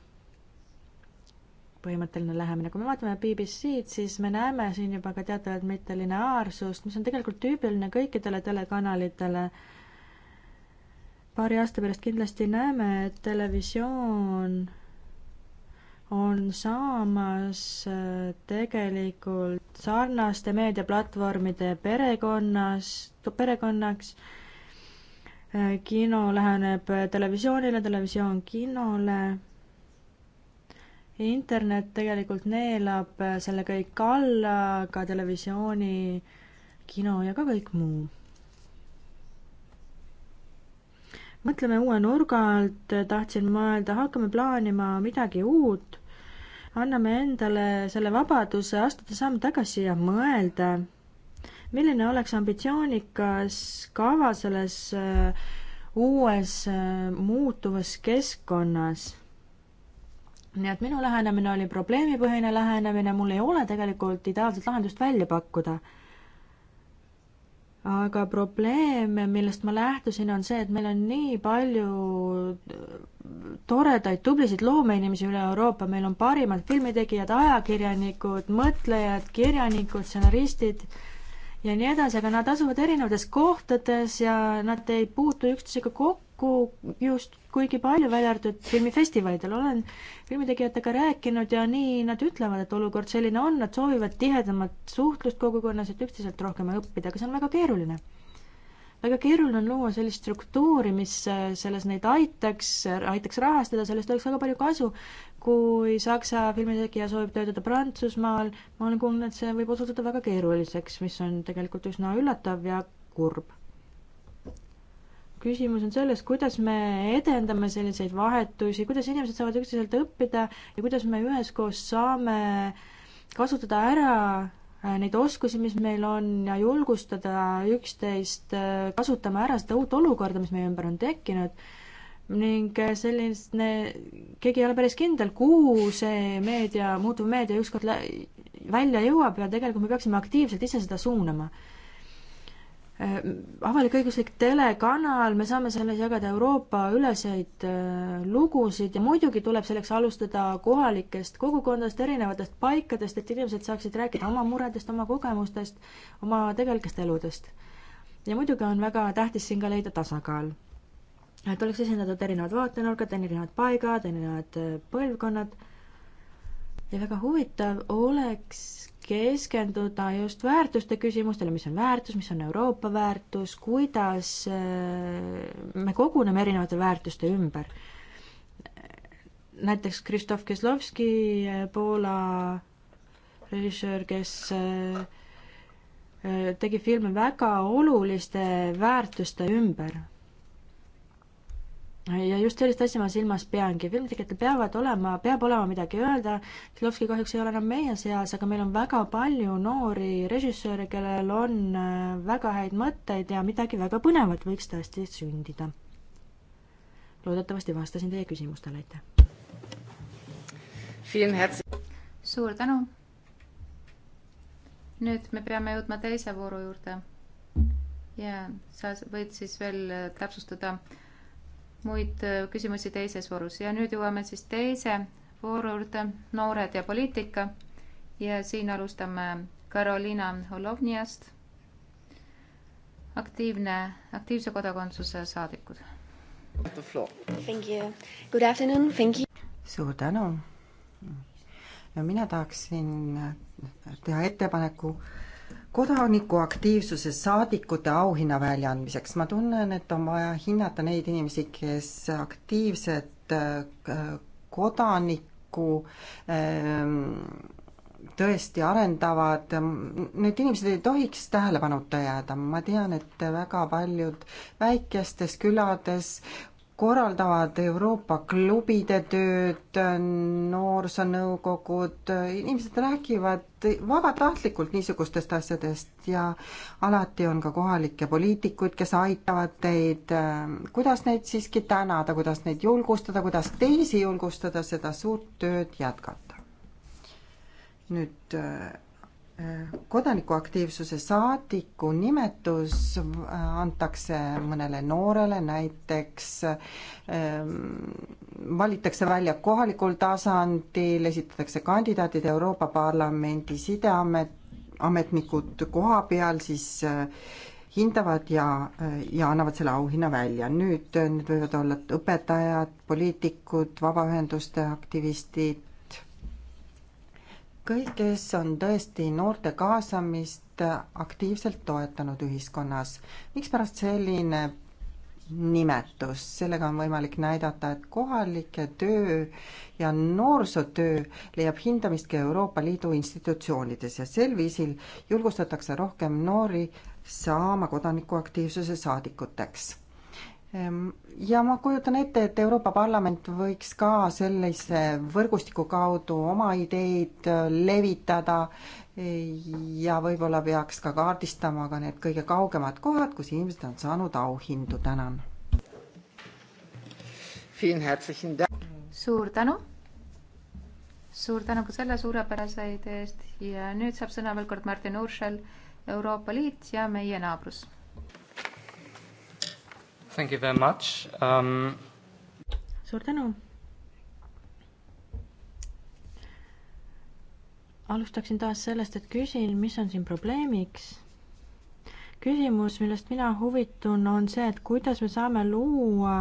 põhimõtteline lähemine. kui me vaatame BBC-d, siis me näeme siin juba ka teatavat mittelineaarsust, mis on tegelikult tüüpiline kõikidele telekanalitele. paari aasta pärast kindlasti näeme, et televisioon on saamas äh, tegelikult sarnaste meediaplatvormide perekonnas, perekonnaks äh, kino läheneb televisioonile, televisioon kinole internet tegelikult neelab äh, selle kõik alla, ka televisiooni, kino ja ka kõik muu. mõtleme uue nurga alt, tahtsin mõelda, hakkame plaanima midagi uut, anname endale selle vabaduse astuda samm tagasi ja mõelda, milline oleks ambitsioonikas kava selles äh, uues äh, muutuvas keskkonnas nii et minu lähenemine oli probleemipõhine lähenemine, mul ei ole tegelikult ideaalset lahendust välja pakkuda. aga probleem, millest ma lähtusin, on see, et meil on nii palju toredaid, tublisid loomeinimesi üle Euroopa, meil on parimad filmitegijad, ajakirjanikud, mõtlejad, kirjanikud, stsenaristid ja nii edasi, aga nad asuvad erinevates kohtades ja nad ei puutu üksteisega kokku just kuigi palju, välja arvatud filmifestivalidel, olen filmitegijatega rääkinud ja nii nad ütlevad, et olukord selline on, nad soovivad tihedamat suhtlust kogukonnas, et üksteiselt rohkem õppida, aga see on väga keeruline. väga keeruline on luua sellist struktuuri, mis selles neid aitaks, aitaks rahastada, sellest oleks väga palju kasu, kui Saksa filmitegija soovib töötada Prantsusmaal, ma olen kuulnud, et see võib osutuda väga keeruliseks, mis on tegelikult üsna üllatav ja kurb küsimus on selles, kuidas me edendame selliseid vahetusi, kuidas inimesed saavad üksteiselt õppida ja kuidas me üheskoos saame kasutada ära äh, neid oskusi, mis meil on ja julgustada üksteist äh, kasutama ära seda uut olukorda, mis meie ümber on tekkinud ning äh, selline, keegi ei ole päris kindel, kuhu see meedia, muutuv meedia ükskord välja jõuab ja tegelikult me peaksime aktiivselt ise seda suunama Äh, avalik-õiguslik telekanal, me saame selles jagada Euroopa üleseid äh, lugusid ja muidugi tuleb selleks alustada kohalikest kogukondadest, erinevatest paikadest, et inimesed saaksid rääkida oma muredest, oma kogemustest, oma tegelikest eludest. ja muidugi on väga tähtis siin ka leida tasakaal. et oleks esindatud erinevad vaatenurgad, erinevad paigad, erinevad äh, põlvkonnad ja väga huvitav oleks keskenduda just väärtuste küsimustele, mis on väärtus, mis on Euroopa väärtus, kuidas äh, me koguneme erinevate väärtuste ümber. näiteks Krzysztof Keslovski, äh, Poola režissöör, kes äh, tegi filme väga oluliste väärtuste ümber ja just sellist asja ma silmas peangi, filmtegijatel peavad olema, peab olema midagi öelda, Tlovski kahjuks ei ole enam meie seas, aga meil on väga palju noori režissööre, kellel on äh, väga häid mõtteid ja midagi väga põnevat võiks tõesti sündida. loodetavasti vastasin teie küsimustele, aitäh! suur tänu! nüüd me peame jõudma teise vooru juurde ja sa võid siis veel äh, täpsustada, muid äh, küsimusi teises voorus ja nüüd jõuame siis teise vooru juurde, noored ja poliitika. ja siin alustame Karoliina Olovniast, aktiivne, aktiivse kodakondsuse saadikud. suur tänu. no mina tahaksin teha ettepaneku äh, kodanikuaktiivsuse saadikute auhinna väljaandmiseks. ma tunnen, et on vaja hinnata neid inimesi, kes aktiivset äh, kodanikku ähm, tõesti arendavad, need inimesed ei tohiks tähelepanuta jääda, ma tean, et väga paljud väikestes külades korraldavad Euroopa klubide tööd, noorsoonõukogud, inimesed räägivad vabatahtlikult niisugustest asjadest ja alati on ka kohalikke poliitikuid, kes aitavad teid. kuidas neid siiski tänada, kuidas neid julgustada, kuidas teisi julgustada seda suurt tööd jätkata? nüüd kodanikuaktiivsuse saadiku nimetus äh, antakse mõnele noorele, näiteks ähm, valitakse välja kohalikul tasandil, esitatakse kandidaadid Euroopa Parlamendi sideamet, ametnikud koha peal siis äh, hindavad ja, äh, ja annavad selle auhinna välja. nüüd need võivad olla õpetajad, poliitikud, vabaühenduste aktivistid, kõik, kes on tõesti noorte kaasamist aktiivselt toetanud ühiskonnas. mikspärast selline nimetus, sellega on võimalik näidata, et kohalike töö ja noorsootöö leiab hindamist ka Euroopa Liidu institutsioonides ja sel viisil julgustatakse rohkem noori saama kodanikuaktiivsuse saadikuteks Ehm, ja ma kujutan ette, et Euroopa Parlament võiks ka sellise võrgustiku kaudu oma ideid äh, levitada e, ja võib-olla peaks ka kaardistama ka need kõige kaugemad kohad, kus inimesed on saanud auhindu, tänan. suur tänu. suur tänu ka selle suurepärase idee eest ja nüüd saab sõna veel kord Martin Urschel, Euroopa Liit ja meie naabrus Thank you very much um.... suur tänu. alustaksin taas sellest, et küsin, mis on siin probleemiks küsimus, millest mina huvitun, on see, et kuidas me saame luua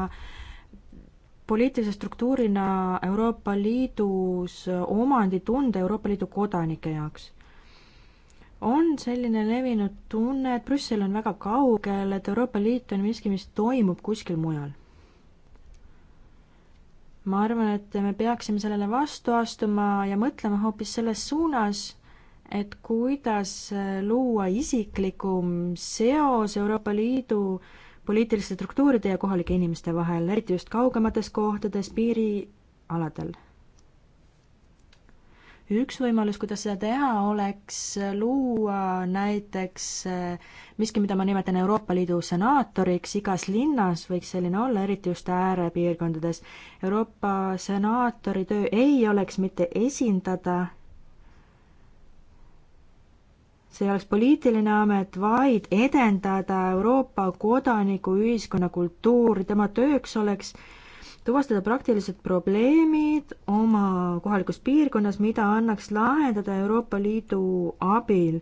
poliitilise struktuurina Euroopa Liidus omanditunde Euroopa Liidu kodanike jaoks on selline levinud tunne, et Brüssel on väga kaugel, et Euroopa Liit on miski, mis toimub kuskil mujal. ma arvan, et me peaksime sellele vastu astuma ja mõtlema hoopis selles suunas, et kuidas luua isiklikum seos Euroopa Liidu poliitiliste struktuuride ja kohalike inimeste vahel, eriti just kaugemates kohtades, piirialadel üks võimalus, kuidas seda teha, oleks luua näiteks eh, miski, mida ma nimetan Euroopa Liidu senaatoriks, igas linnas võiks selline olla, eriti just äärepiirkondades. Euroopa senaatori töö ei oleks mitte esindada see ei oleks poliitiline amet, vaid edendada Euroopa kodanikuühiskonna kultuuri, tema tööks oleks äh, tuvastada praktilised probleemid oma kohalikus piirkonnas, mida annaks lahendada Euroopa Liidu abil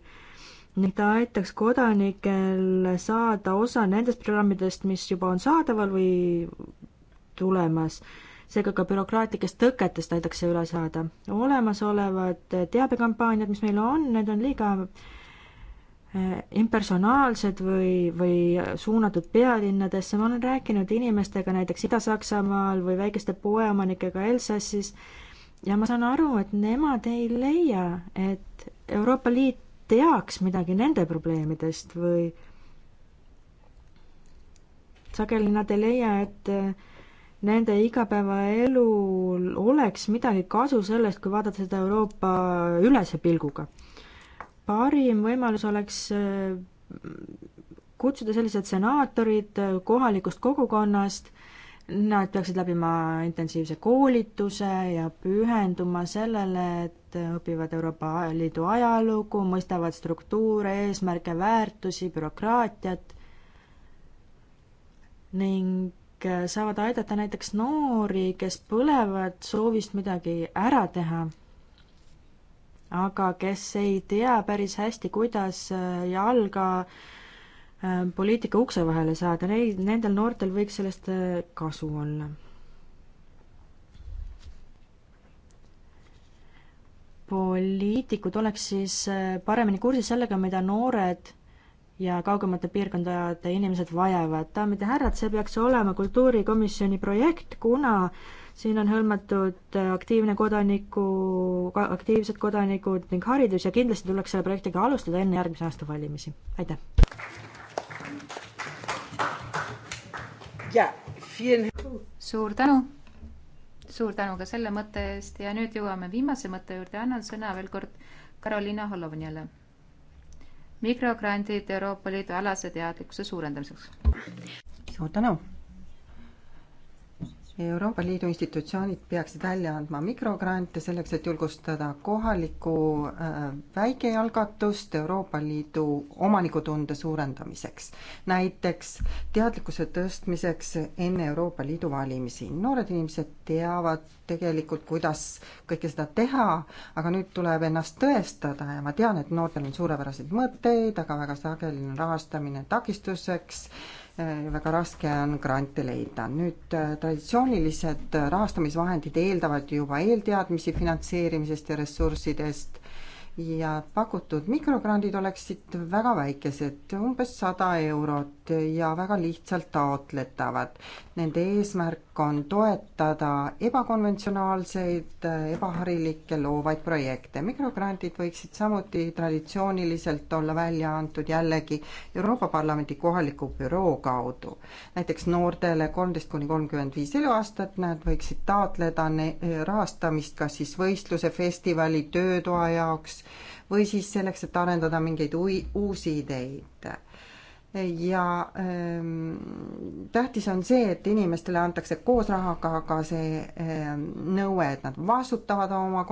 ning ta aitaks kodanikel saada osa nendest programmidest, mis juba on saadaval või tulemas. seega ka bürokraatlikest tõketest aitaks see üle saada. olemasolevad teabekampaaniad, mis meil on, need on liiga Äh, impersonaalsed või, või suunatud pealinnadesse, ma olen rääkinud inimestega näiteks Ida-Saksamaal või väikeste poeomanikega Elsassis ja ma saan aru, et nemad ei leia, et Euroopa Liit teaks midagi nende probleemidest või sageli nad ei leia, et äh, nende igapäevaelul oleks midagi kasu sellest, kui vaadata seda Euroopa ülese pilguga parim võimalus oleks äh, kutsuda sellised senaatorid äh, kohalikust kogukonnast, nad peaksid läbima intensiivse koolituse ja pühenduma sellele, et äh, õpivad Euroopa Liidu ajalugu, mõistavad struktuure, eesmärke, väärtusi, bürokraatiat ning saavad aidata näiteks noori, kes põlevad soovist midagi ära teha aga kes ei tea päris hästi, kuidas äh, jalga äh, poliitika ukse vahele saada, neid, nendel noortel võiks sellest äh, kasu olla. poliitikud oleks siis paremini kursis sellega, mida noored ja kaugemate piirkondade inimesed vajavad. daamid ja härrad, see peaks olema kultuurikomisjoni projekt, kuna äh, siin on hõlmatud äh, aktiivne kodaniku, aktiivsed kodanikud ning haridus ja kindlasti tuleks selle projektiga alustada enne järgmise aasta valimisi. aitäh! suur tänu! suur tänu ka selle mõtte eest ja nüüd jõuame viimase mõtte juurde, annan sõna veel kord Karoliina Holovnjale. mikrograndid Euroopa Liidu alase teadlikkuse suurendamiseks. suur tänu! Euroopa Liidu institutsioonid peaksid välja andma mikrogrante selleks, et julgustada kohalikku äh, väikealgatust Euroopa Liidu omanikutunde suurendamiseks. näiteks teadlikkuse tõstmiseks enne Euroopa Liidu valimisi. noored inimesed teavad tegelikult, kuidas kõike seda teha, aga nüüd tuleb ennast tõestada ja ma tean, et noortel on suurepäraseid mõtteid, aga väga sageli on rahastamine takistuseks Äh, väga raske on grante leida. nüüd äh, traditsioonilised rahastamisvahendid eeldavad juba eelteadmisi finantseerimisest ja ressurssidest ja pakutud mikrograndid oleksid väga väikesed, umbes sada eurot ja väga lihtsalt taotletavad. Nende eesmärk on toetada ebakonventsionaalseid, ebaharilikke loovaid projekte. mikrograndid võiksid samuti traditsiooniliselt olla välja antud jällegi Euroopa Parlamendi kohaliku büroo kaudu. näiteks noortele kolmteist kuni kolmkümmend viis eluaastat, nad võiksid taotleda rahastamist kas siis võistluse, festivali, töötoa jaoks või siis selleks, et arendada mingeid uusi ideid ja ähm, tähtis on see, et inimestele antakse koos rahaga ka see ähm, nõue, et nad vastutavad oma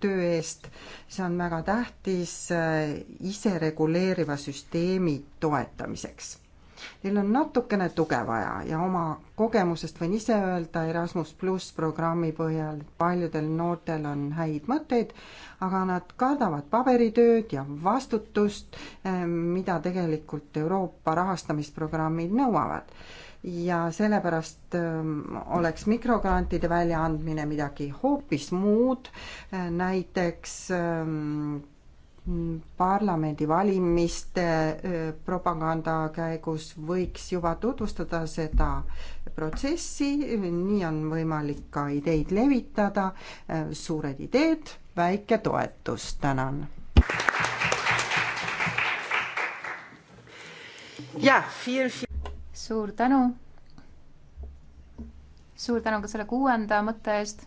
töö eest. see on väga tähtis äh, isereguleeriva süsteemi toetamiseks. Teil on natukene tuge vaja ja oma kogemusest võin ise öelda Erasmus pluss programmi põhjal, paljudel noortel on häid mõtteid, aga nad kardavad paberitööd ja vastutust, eh, mida tegelikult Euroopa rahastamisprogrammid nõuavad ja sellepärast eh, oleks mikrograntide väljaandmine midagi hoopis muud, eh, näiteks parlamendivalimiste äh, propaganda käigus võiks juba tutvustada seda protsessi, nii on võimalik ka ideid levitada. Äh, suured ideed, väike toetus, tänan. suur tänu. suur tänu ka selle kuuenda mõtte eest.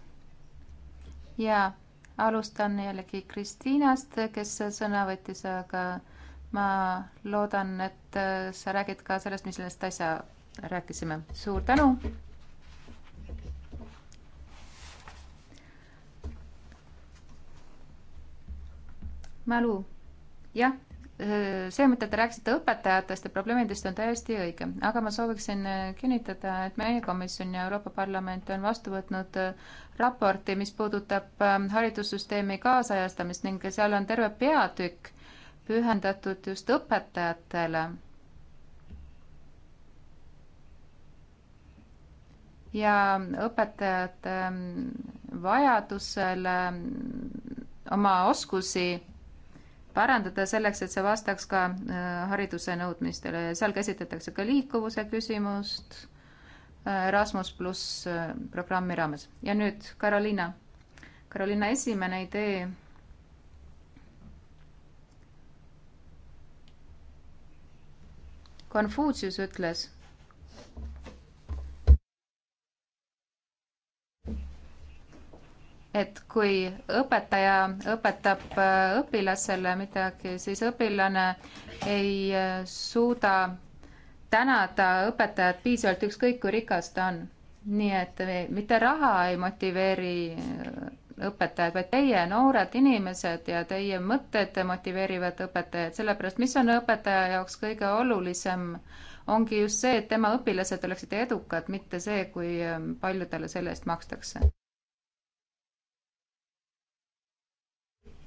ja alustan jällegi Kristiinast, kes sõna võttis, aga ma loodan, et sa räägid ka sellest, mis sellest äsja rääkisime. suur tänu. mälu, jah see, mida te rääkisite õpetajatest ja probleemidest, on täiesti õige, aga ma sooviksin äh, kinnitada, et meie komisjon ja Euroopa Parlament on vastu võtnud äh, raporti, mis puudutab äh, haridussüsteemi kaasajastamist ning seal on terve peatükk pühendatud just õpetajatele. ja õpetajate mm, vajadusele mm, oma oskusi parandada selleks, et see vastaks ka äh, hariduse nõudmistele ja seal käsitletakse ka liikuvuse küsimust äh, Erasmus pluss äh, programmi raames. ja nüüd Karoliina. Karoliina esimene idee Konfutsius ütles, et kui õpetaja õpetab äh, õpilasele midagi, siis õpilane ei äh, suuda tänada õpetajat piisavalt, ükskõik kui rikas ta on. nii et mitte raha ei motiveeri äh, õpetajad, vaid teie, noored inimesed ja teie mõtted motiveerivad õpetajaid, sellepärast mis on õpetaja jaoks kõige olulisem, ongi just see, et tema õpilased oleksid edukad, mitte see, kui palju talle selle eest makstakse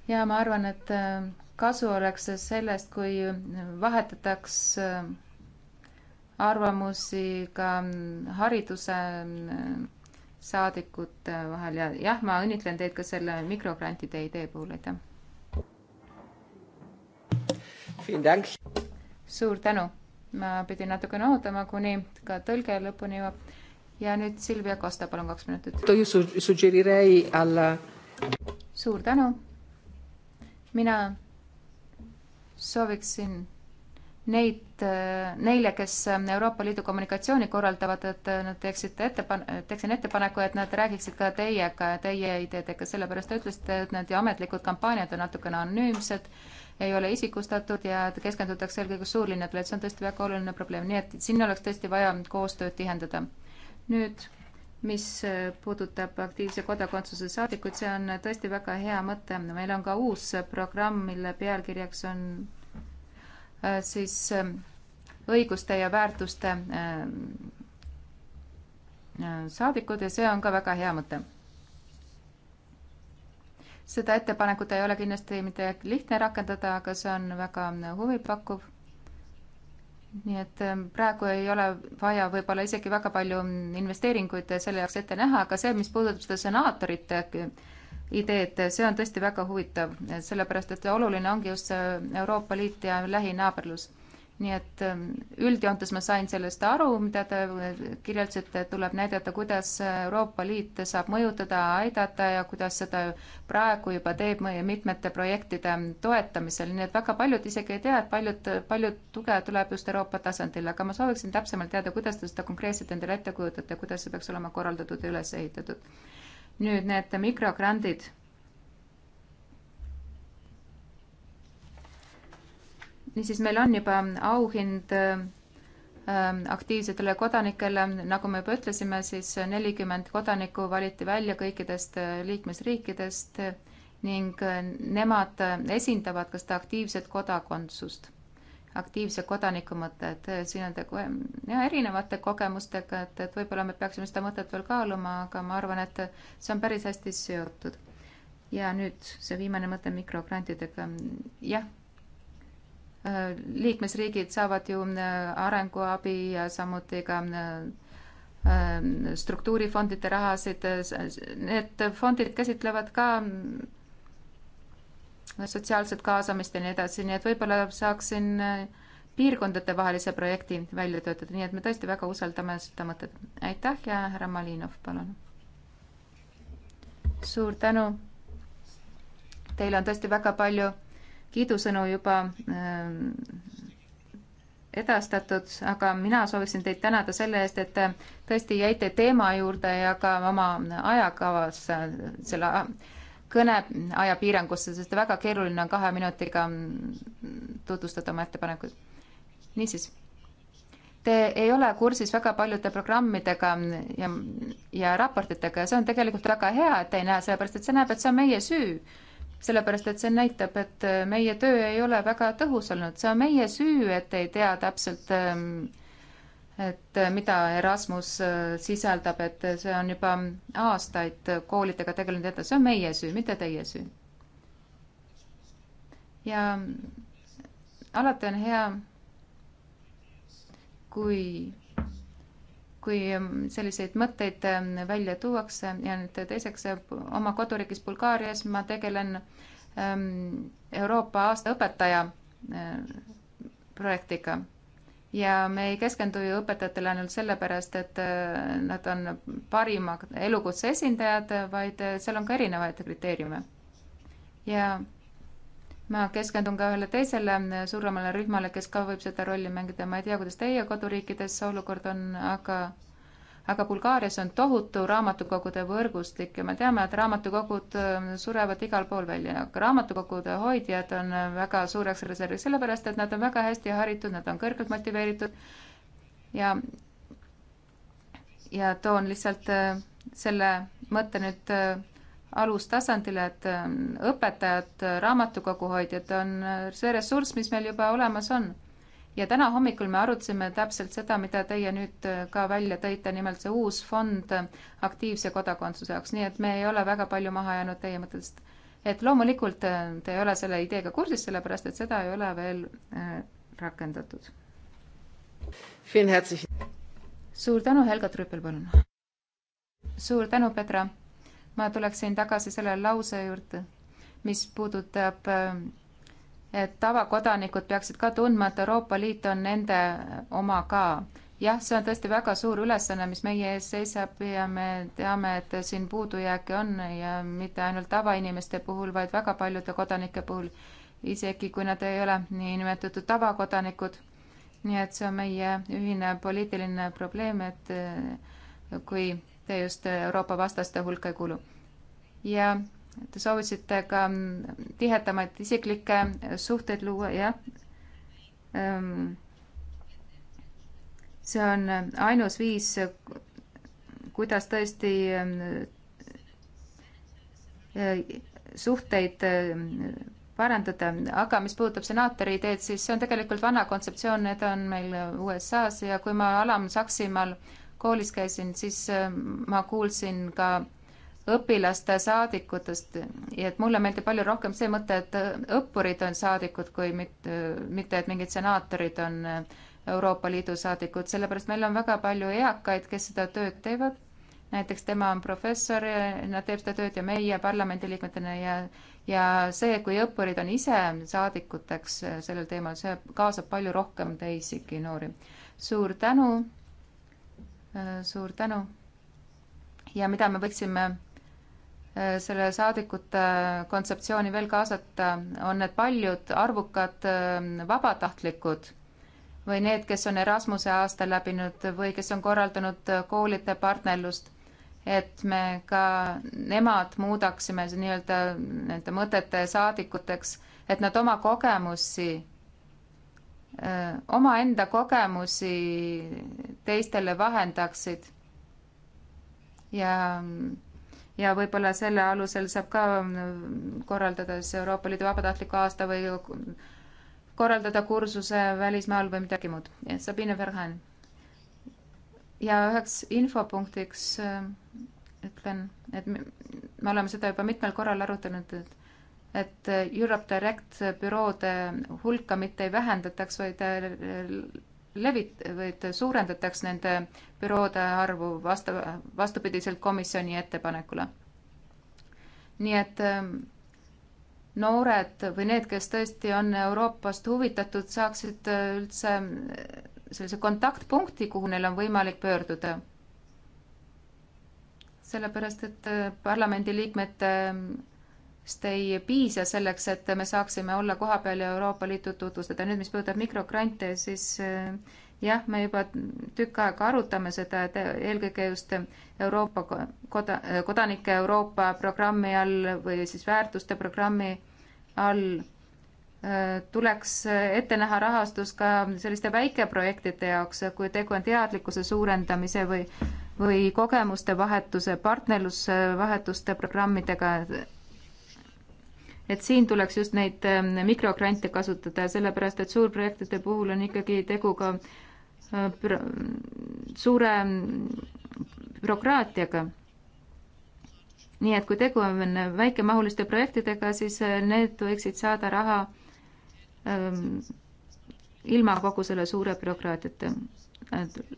ja ma arvan, et äh, kasu oleks sellest, kui vahetataks äh, arvamusi ka mm, hariduse mm, saadikute vahel ja jah, ma õnnitlen teid ka selle mikrograntide idee puhul, aitäh. suur tänu, ma pidin natukene ootama, kuni ka tõlge lõpuni jõuab. ja nüüd Silvia Kosta, palun kaks minutit. suur tänu mina sooviksin neid, äh, neile, kes ähm, Euroopa Liidu kommunikatsiooni korraldavad, et äh, nad teeksid ettepan-, teeksin ettepaneku, et nad räägiksid ka teiega, teie ideedega, sellepärast te ütlesite, et need ametlikud kampaaniad on natukene anonüümsed, ei ole isikustatud ja keskendutakse eelkõige suurlinnadele, et see on tõesti väga oluline probleem, nii et siin oleks tõesti vaja koostööd tihendada. nüüd mis puudutab aktiivse kodakondsuse saadikuid, see on tõesti väga hea mõte. meil on ka uus programm, mille pealkirjaks on äh, siis äh, õiguste ja väärtuste äh, saadikud ja see on ka väga hea mõte. seda ettepanekut ei ole kindlasti mitte lihtne rakendada, aga see on väga huvipakkuv nii et ähm, praegu ei ole vaja võib-olla isegi väga palju mm, investeeringuid selle jaoks ette näha, aga see, mis puudutab seda senaatorite äh, ideed, see on tõesti väga huvitav, sellepärast et oluline ongi just see Euroopa Liit ja lähinaaberlus nii et ähm, üldjoontes ma sain sellest aru, mida te äh, kirjeldasite, et tuleb näidata, kuidas äh, Euroopa Liit saab mõjutada, aidata ja kuidas seda praegu juba teeb meie mitmete projektide ähm, toetamisel, nii et väga paljud isegi ei tea, et paljud, äh, paljud tuge tuleb just Euroopa tasandil, aga ma sooviksin täpsemalt teada, kuidas te seda konkreetselt endale ette kujutate, kuidas see peaks olema korraldatud ja üles ehitatud. nüüd need mikrograndid niisiis, meil on juba auhind äh, ähm, aktiivsetele kodanikele, nagu me juba ütlesime, siis nelikümmend kodanikku valiti välja kõikidest äh, liikmesriikidest ning äh, nemad esindavad ka seda aktiivset kodakondsust, aktiivse kodaniku mõtet. siin on tegu ähm, jah, erinevate kogemustega, et, et võib-olla me peaksime seda mõtet veel kaaluma, aga ma arvan, et see on päris hästi seotud. ja nüüd see viimane mõte mikrograntidega. jah liikmesriigid saavad ju äh, arenguabi ja samuti ka äh, äh, struktuurifondide rahasid, need fondid käsitlevad ka sotsiaalset kaasamist ja nii edasi, nii et võib-olla saaksin piirkondadevahelise projekti välja töötada, nii et me tõesti väga usaldame seda mõtet. aitäh ja härra Malinov, palun. suur tänu. Teil on tõesti väga palju kiidusõnu juba ehm, edastatud, aga mina sooviksin teid tänada selle eest, et te tõesti jäite teema juurde ja ka oma ajakavasse, selle kõne ajapiirangusse, sest väga keeruline on kahe minutiga mm, tutvustada oma ettepanekuid. niisiis, te ei ole kursis väga paljude programmidega ja, ja raportitega ja see on tegelikult väga hea, et te ei näe, sellepärast et see näeb, et see on meie süü sellepärast et see näitab, et äh, meie töö ei ole väga tõhus olnud, see on meie süü, et ei tea täpselt, ähm, et äh, mida Erasmus äh, sisaldab, et see on juba aastaid koolidega tegelenud, et see on meie süü, mitte teie süü. ja alati on hea, kui kui mm, selliseid mõtteid mm, välja tuuakse ja nüüd teiseks oma koduriigis Bulgaarias ma tegelen mm, Euroopa aasta õpetaja projektiga ja me ei keskendu ju õpetajatele ainult sellepärast, et nad on parima elukutse esindajad, vaid seal on ka erinevaid kriteeriume. ja ma keskendun ka ühele teisele suuremale rühmale, kes ka võib seda rolli mängida, ma ei tea, kuidas teie koduriikides olukord on, aga aga Bulgaarias on tohutu raamatukogude võrgustik ja me teame, et raamatukogud äh, surevad igal pool välja, aga raamatukogude hoidjad on äh, väga suureks reservis, sellepärast et nad on väga hästi haritud, nad on kõrgelt motiveeritud ja, ja toon lihtsalt äh, selle mõtte nüüd alustasandile, et ähm, õpetajad, äh, raamatukoguhoidjad on äh, see ressurss, mis meil juba olemas on. ja täna hommikul me arutasime täpselt seda, mida teie nüüd äh, ka välja tõite, nimelt see uus fond aktiivse kodakondsuse jaoks, nii et me ei ole väga palju maha jäänud teie mõtetest. et loomulikult te ei ole selle ideega kursis, sellepärast et seda ei ole veel rakendatud. suur tänu, Helga Trüppel, palun. suur tänu, Petra ma tuleksin tagasi selle lause juurde, mis puudutab, et tavakodanikud peaksid ka tundma, et Euroopa Liit on nende oma ka. jah, see on tõesti väga suur ülesanne, mis meie ees seisab ja me teame, et siin puudujääke on ja mitte ainult tavainimeste puhul, vaid väga paljude kodanike puhul, isegi kui nad ei ole niinimetatud tavakodanikud. nii et see on meie ühine poliitiline probleem, et kui Te just Euroopa vastaste hulka ei kuulu. ja te soovisite ka tihedamaid isiklikke suhteid luua, jah. Ehm, see on ainus viis, kuidas tõesti ehm, suhteid ehm, parandada, aga mis puudutab senaatori ideed, siis see on tegelikult vana kontseptsioon, need on meil USA-s ja kui ma Alam Saksimaal äh, koolis käisin, siis ähm, ma kuulsin ka õpilaste saadikutest ja et mulle meeldib palju rohkem see mõte, et äh, õppurid on saadikud, kui mitte, äh, mitte et mingid senaatorid on äh, Euroopa Liidu saadikud, sellepärast meil on väga palju eakaid, kes seda tööd teevad. näiteks tema on professor, nad teeb seda tööd ja meie parlamendiliikmetena ja, ja see, kui õppurid on ise saadikuteks sellel teemal, see kaasab palju rohkem teisigi noori. suur tänu Äh, suur tänu. ja mida me võiksime äh, selle saadikute kontseptsiooni veel kaasata, on need paljud arvukad äh, vabatahtlikud või need, kes on Erasmuse aasta läbinud või kes on korraldanud koolide partnerlust, et me ka nemad muudaksime nii-öelda nende mõtete saadikuteks, et nad oma kogemusi omaenda kogemusi teistele vahendaksid. ja, ja võib-olla selle alusel saab ka mm, korraldada siis Euroopa Liidu vabatahtliku aasta või korraldada kursuse välismaal või midagi muud. Sabine Verhan. ja üheks infopunktiks ütlen, et me, me oleme seda juba mitmel korral arutanud, et et Europe Direct büroode hulka mitte ei vähendataks, vaid äh, levit-, vaid suurendataks nende büroode arvu vastu, vastupidiselt komisjoni ettepanekule. nii et ähm, noored või need, kes tõesti on Euroopast huvitatud, saaksid äh, üldse äh, sellise kontaktpunkti, kuhu neil on võimalik pöörduda. sellepärast, et parlamendiliikmete ähm, sest ei piisa selleks, et me saaksime olla kohapeal ja Euroopa Liitu tutvustada. nüüd, mis puudutab mikrogrante, siis äh, jah, me juba tükk aega arutame seda, et eelkõige just Euroopa koda, kodanike Euroopa programmi all või siis väärtuste programmi all äh, tuleks ette näha rahastus ka selliste väikeprojektide jaoks, kui tegu on teadlikkuse suurendamise või, või kogemuste vahetuse, partnerlusvahetuste programmidega, et siin tuleks just neid ähm, mikrogrante kasutada, sellepärast et suurprojektide puhul on ikkagi tegu ka äh, suure mm, bürokraatiaga. nii et kui tegu on väikemahuliste projektidega, siis äh, need võiksid saada raha ähm, ilma kogu selle suure bürokraatiata.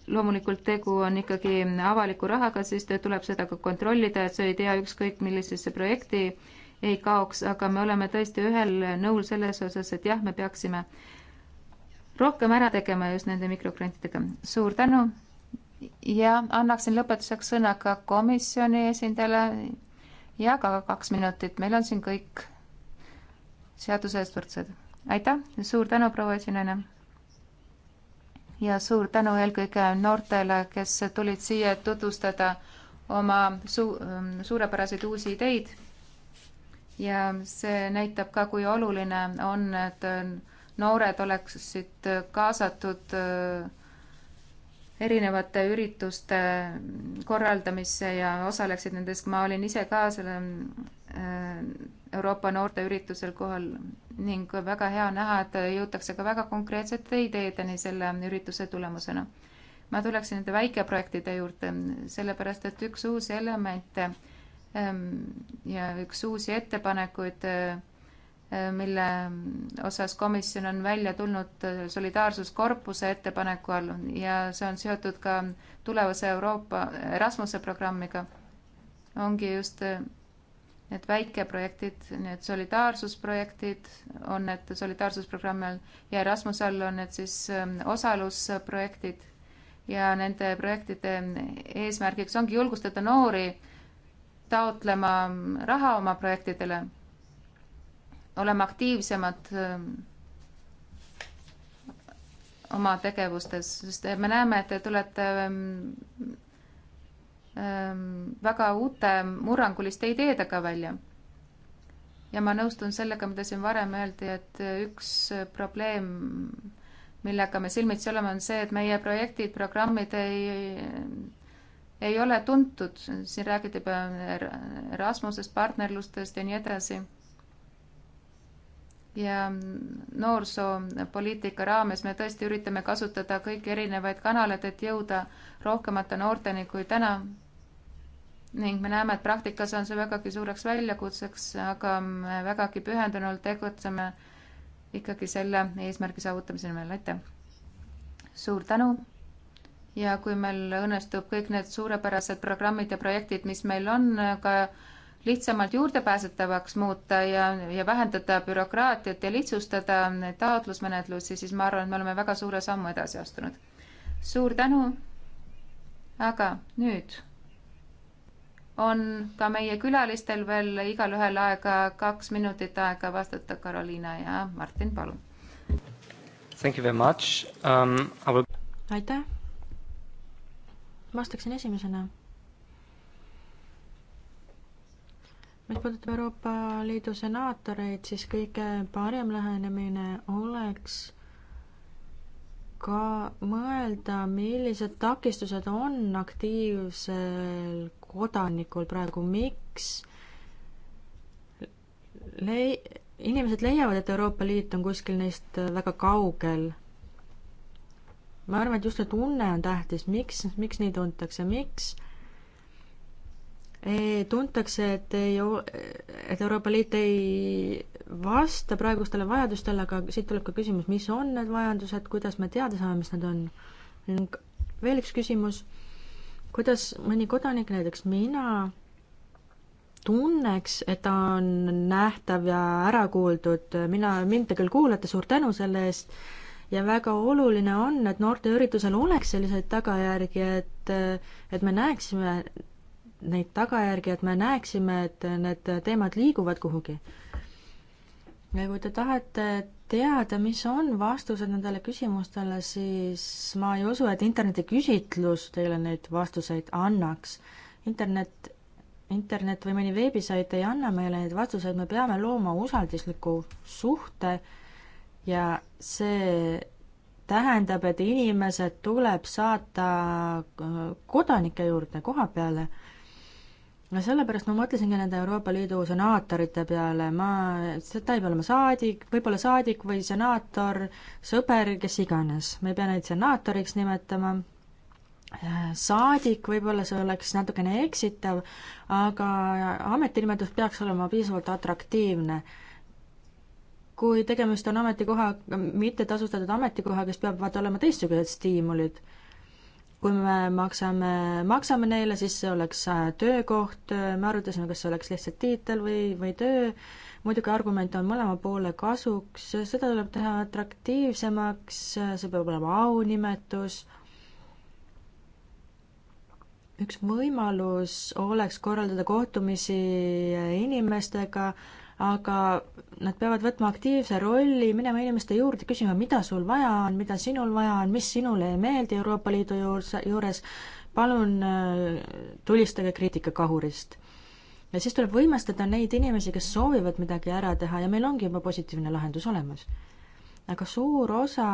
loomulikult tegu on ikkagi avaliku rahaga, siis tuleb seda ka kontrollida, et sa ei tea ükskõik millisesse projekti äh, ei kaoks, aga me oleme tõesti ühel nõul selles osas, et jah, me peaksime rohkem ära tegema just nende mikrograntidega. suur tänu ja annaksin lõpetuseks sõna ka komisjoni esindajale ja ka kaks minutit, meil on siin kõik seaduse eest võrdsed. aitäh, suur tänu, proua esinejana. ja suur tänu eelkõige noortele, kes tulid siia tutvustada oma su-, suurepäraseid uusi ideid ja see näitab ka, kui oluline on, et noored oleksid kaasatud äh, erinevate ürituste korraldamisse ja osaleksid nendes, ma olin ise ka selle äh, Euroopa noorteüritusel kohal ning väga hea näha, et jõutakse ka väga konkreetsete ideedeni selle ürituse tulemusena. ma tuleksin nende väikeprojektide juurde, sellepärast et üks uus element Ehm, ja üks uusi ettepanekuid, eh, eh, mille osas komisjon on välja tulnud eh, solidaarsuskorpuse ettepaneku all ja see on seotud ka tulevase Euroopa Erasmuse programmiga, ongi just need väikeprojektid, need solidaarsusprojektid on need solidaarsusprogrammi all ja Erasmuse all on need siis ehm, osalusprojektid ja nende projektide eesmärgiks ongi julgustada noori taotlema raha oma projektidele, olema aktiivsemad ähm, oma tegevustes, sest me näeme, et te olete ähm, ähm, väga uute murranguliste ideedega välja. ja ma nõustun sellega, mida siin varem öeldi, et üks probleem, millega me silmitsi oleme, on see, et meie projektid, programmid ei ei ole tuntud, siin räägiti juba Rasmusest, partnerlustest ja nii edasi. ja noorsoopoliitika raames me tõesti üritame kasutada kõiki erinevaid kanaleid, et jõuda rohkemate noorteni kui täna. ning me näeme, et praktikas on see vägagi suureks väljakutseks, aga me vägagi pühendunult tegutseme ikkagi selle eesmärgi saavutamise nimel, aitäh! suur tänu! ja kui meil õnnestub kõik need suurepärased programmid ja projektid, mis meil on, ka lihtsamalt juurdepääsetavaks muuta ja, ja vähendada bürokraatiat ja lihtsustada taotlusmenetlusi, siis ma arvan, et me oleme väga suure sammu edasi astunud. suur tänu. aga nüüd on ka meie külalistel veel igalühel aega kaks minutit aega vastata Karoliina ja Martin, palun. Thank you very much um,. Will... aitäh vastaksin esimesena. mis puudutab Euroopa Liidu senaatoreid, siis kõige parem lähenemine oleks ka mõelda, millised takistused on aktiivsel kodanikul praegu, miks lei-, inimesed leiavad, et Euroopa Liit on kuskil neist väga kaugel ma arvan, et just see tunne on tähtis, miks, miks nii tuntakse, miks ei, tuntakse, et ei, et Euroopa Liit ei vasta praegustele vajadustele, aga siit tuleb ka küsimus, mis on need vajadused, kuidas me teada saame, mis need on? ning veel üks küsimus, kuidas mõni kodanik, näiteks mina, tunneks, et ta on nähtav ja ära kuuldud, mina, mind te küll kuulate, suur tänu selle eest, ja väga oluline on, et noorteüritusel oleks selliseid tagajärgi, et, et me näeksime neid tagajärgi, et me näeksime, et need teemad liiguvad kuhugi. ja kui te tahate teada, mis on vastused nendele küsimustele, siis ma ei usu, et internetiküsitlus teile neid vastuseid annaks. internet internet või mõni veebisait ei anna meile neid vastuseid, me peame looma usaldusliku suhte ja see tähendab, et inimesed tuleb saata äh, kodanike juurde, koha peale. no sellepärast ma mõtlesingi nende Euroopa Liidu senaatorite peale, ma, ta ei pea olema saadik, võib-olla saadik või senaator, sõber, kes iganes, me ei pea neid senaatoriks nimetama, äh, saadik, võib-olla see oleks natukene eksitav, aga ametinimetus peaks olema piisavalt atraktiivne kui tegemist on ametikoha, mittetasustatud ametikoha, kes peavad olema teistsugused stiimulid. kui me maksame, maksame neile, siis see oleks äh, töökoht, me arutasime, kas see oleks lihtsalt tiitel või, või töö, muidugi argumente on mõlema poole kasuks, seda tuleb teha atraktiivsemaks, see peab olema aunimetus, üks võimalus oleks korraldada kohtumisi inimestega, aga nad peavad võtma aktiivse rolli, minema inimeste juurde, küsima, mida sul vaja on, mida sinul vaja on, mis sinule ei meeldi Euroopa Liidu juures, juures, palun äh, tulistage kriitikakahurist. ja siis tuleb võimestada neid inimesi, kes soovivad midagi ära teha ja meil ongi juba positiivne lahendus olemas. aga suur osa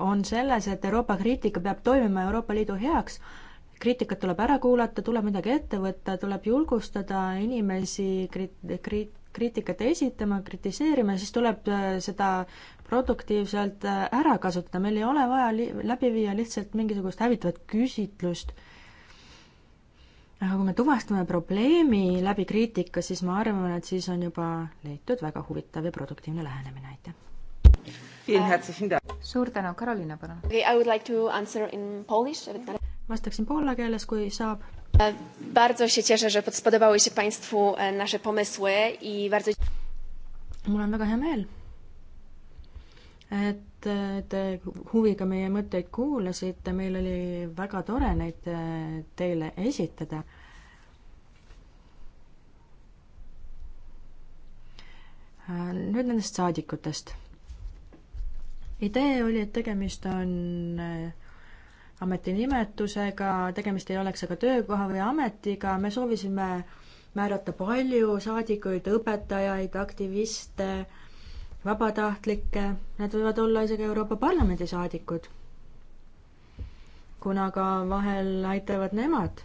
on selles, et Euroopa kriitika peab toimima Euroopa Liidu heaks, kriitikat tuleb ära kuulata, tuleb midagi ette võtta, tuleb julgustada inimesi krit-, krit-, kriitikat esitama, kritiseerima, siis tuleb äh, seda produktiivselt äh, ära kasutada, meil ei ole vaja li-, läbi viia lihtsalt mingisugust hävitavat küsitlust. aga kui me tuvastame probleemi läbi kriitika, siis ma arvan, et siis on juba leitud väga huvitav ja produktiivne lähenemine, aitäh! suur tänu, Karoliina, palun! vastaksin poola keeles, kui saab. E, bardzo się cieszę, że podobały się Państwu e, nasze pomysły i bardzo mul on väga hea meel, et e, te huviga meie mõtteid kuulasite, meil oli väga tore neid teile esitada. nüüd nendest saadikutest. idee oli, et tegemist on ametinimetusega, tegemist ei oleks aga töökoha või ametiga, me soovisime määrata palju saadikuid, õpetajaid, aktiviste, vabatahtlikke, nad võivad olla isegi Euroopa Parlamendi saadikud. kuna ka vahel aitavad nemad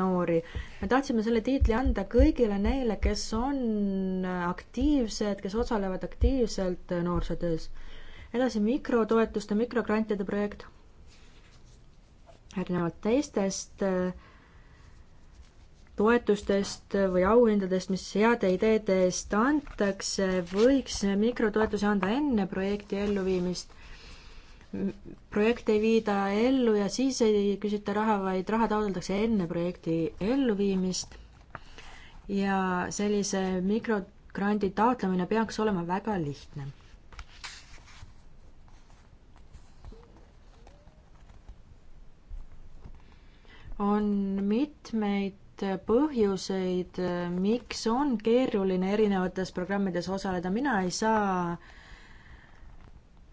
noori. me tahtsime selle tiitli anda kõigile neile, kes on aktiivsed, kes osalevad aktiivselt noorsootöös. edasi mikrotoetuste, mikrograntide projekt erinevalt teistest äh, toetustest või auhindadest, mis heade ideede eest antakse, võiks mikrotoetuse anda enne projekti elluviimist. projekte ei viida ellu ja siis ei küsita raha, vaid raha taotletakse enne projekti elluviimist. ja sellise mikrograndi taotlemine peaks olema väga lihtne on mitmeid põhjuseid, miks on keeruline erinevates programmides osaleda, mina ei saa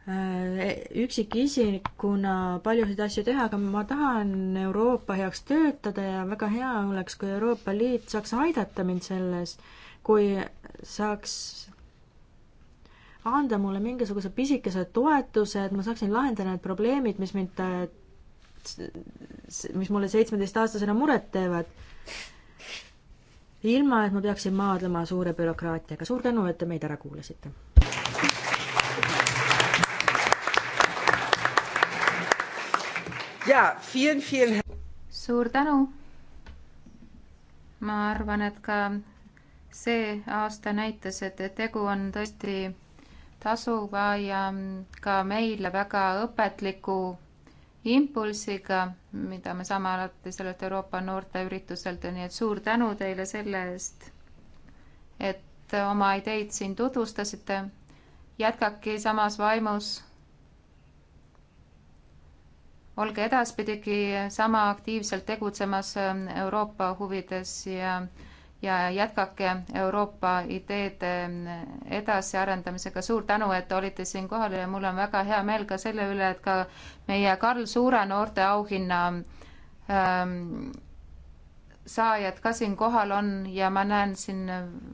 äh, üksikisikuna paljusid asju teha, aga ma tahan Euroopa heaks töötada ja väga hea oleks, kui Euroopa Liit saaks aidata mind selles, kui saaks anda mulle mingisuguse pisikese toetuse, et ma saaksin lahendada need probleemid, mis mind mis mulle seitsmeteistaastasena muret teevad, ilma et ma peaksin maadlema suure bürokraatiaga. suur tänu, et te meid ära kuulasite. jaa, suur tänu. ma arvan, et ka see aasta näitas, et tegu on tõesti tasuva ja ka meile väga õpetliku impulsiga, mida me saame alati sellelt Euroopa noorteürituselt ja nii et suur tänu teile selle eest, et oma ideid siin tutvustasite. jätkake samas vaimus. olge edaspidigi sama aktiivselt tegutsemas Euroopa huvides ja ja jätkake Euroopa ideede edasiarendamisega. suur tänu, et olite siin kohal ja mul on väga hea meel ka selle üle, et ka meie Karl Suure noorteauhinna ähm, saajad ka siin kohal on ja ma näen siin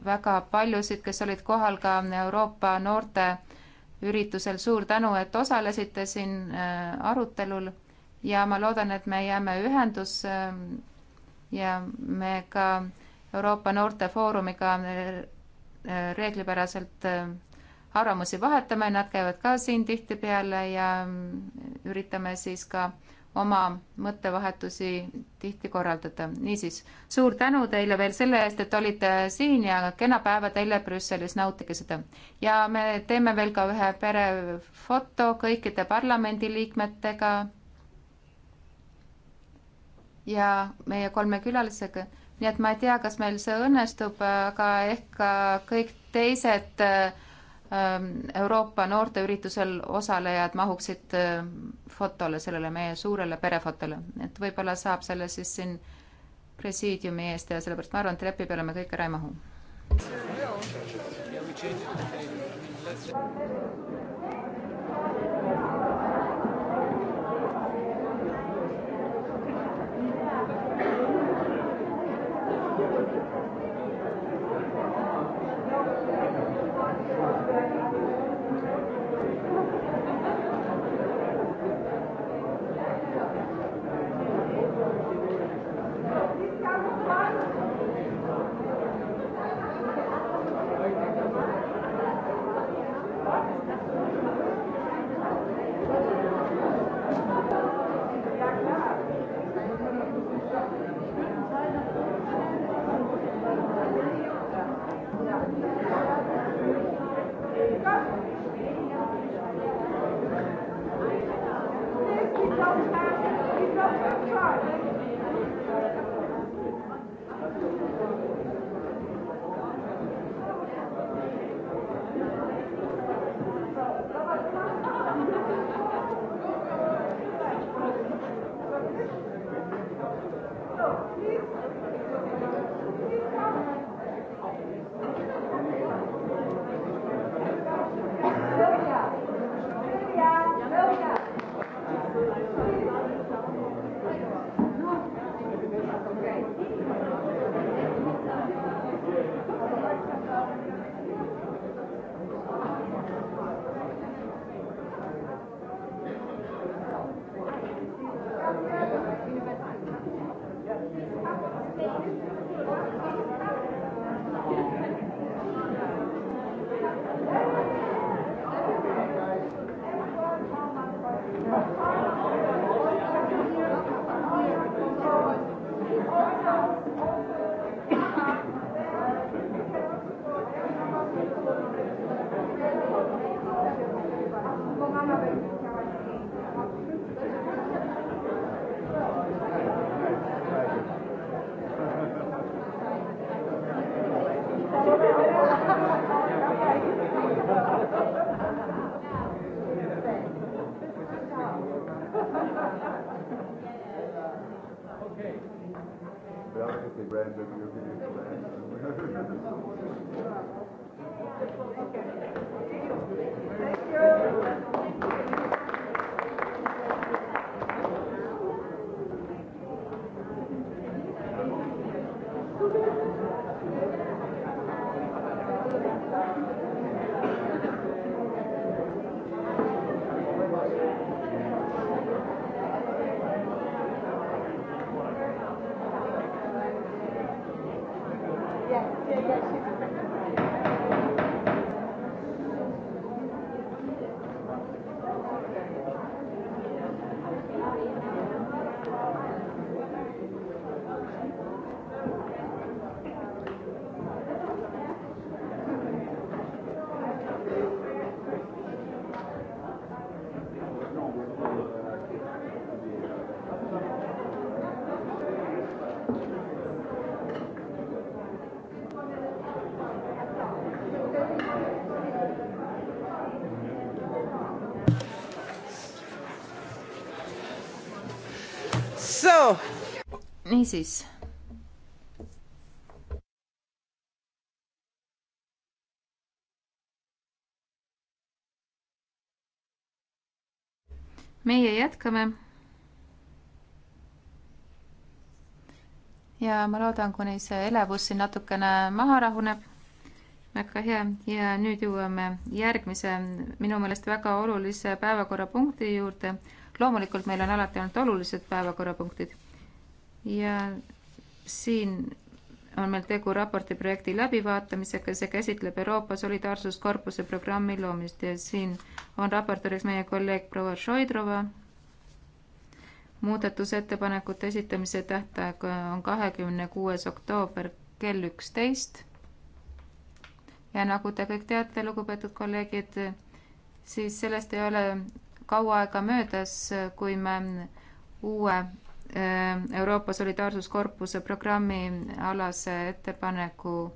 väga paljusid, kes olid kohal ka Euroopa noorte üritusel. suur tänu, et osalesite siin äh, arutelul ja ma loodan, et me jääme ühendusse äh, ja me ka Euroopa Noortefoorumiga äh, reeglipäraselt äh, arvamusi vahetame, nad käivad ka siin tihtipeale ja mm, üritame siis ka oma mõttevahetusi tihti korraldada. niisiis, suur tänu teile veel selle eest, et olite siin ja kena päeva teile Brüsselis, nautige seda. ja me teeme veel ka ühe perefoto kõikide parlamendiliikmetega ja meie kolme külalisega nii et ma ei tea, kas meil see õnnestub, aga ehk ka kõik teised ähm, Euroopa noorteüritusel osalejad mahuksid äh, fotole, sellele meie suurele perefotole, et võib-olla saab selle siis siin presiidiumi eest ja sellepärast ma arvan, et lepi peale me kõik ära ei mahu. niisiis. meie jätkame. ja ma loodan, kuni see elevus siin natukene maha rahuneb. väga hea ja nüüd jõuame järgmise minu meelest väga olulise päevakorrapunkti juurde. loomulikult meil on alati ainult olulised päevakorrapunktid ja siin on meil tegu raporti projekti läbivaatamisega, see käsitleb Euroopa Solidaarsuskorpuse programmi loomist ja siin on raportööriks meie kolleeg proua Šoidrova. muudatusettepanekute esitamise tähtaeg on kahekümne kuues oktoober kell üksteist. ja nagu te kõik teate, lugupeetud kolleegid, siis sellest ei ole kaua aega möödas, kui me uue Äh, Euroopa Solidaarsuskorpuse programmi alase ettepaneku äh,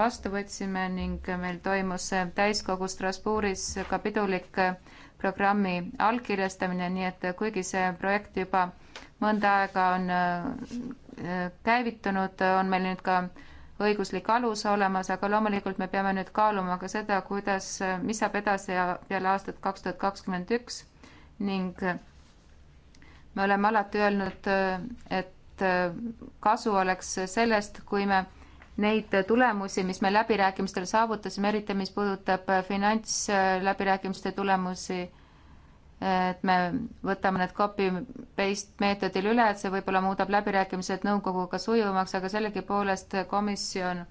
vastu võtsime ning meil toimus täiskogu Strasbourgis ka pidulik äh, programmi allkirjastamine, nii et kuigi see projekt juba mõnda aega on käivitunud, on meil nüüd ka õiguslik alus olemas, aga loomulikult me peame nüüd kaaluma ka seda, kuidas, mis saab edasi peale aastat kaks tuhat kakskümmend üks ning me oleme alati öelnud, äh, et äh, kasu oleks sellest, kui me neid tulemusi, mis me läbirääkimistel saavutasime, eriti mis puudutab äh, finantsläbirääkimiste tulemusi, et me võtame need copy-paste meetodil üle, et see võib-olla muudab läbirääkimised nõukoguga sujuvamaks, aga sellegipoolest komisjon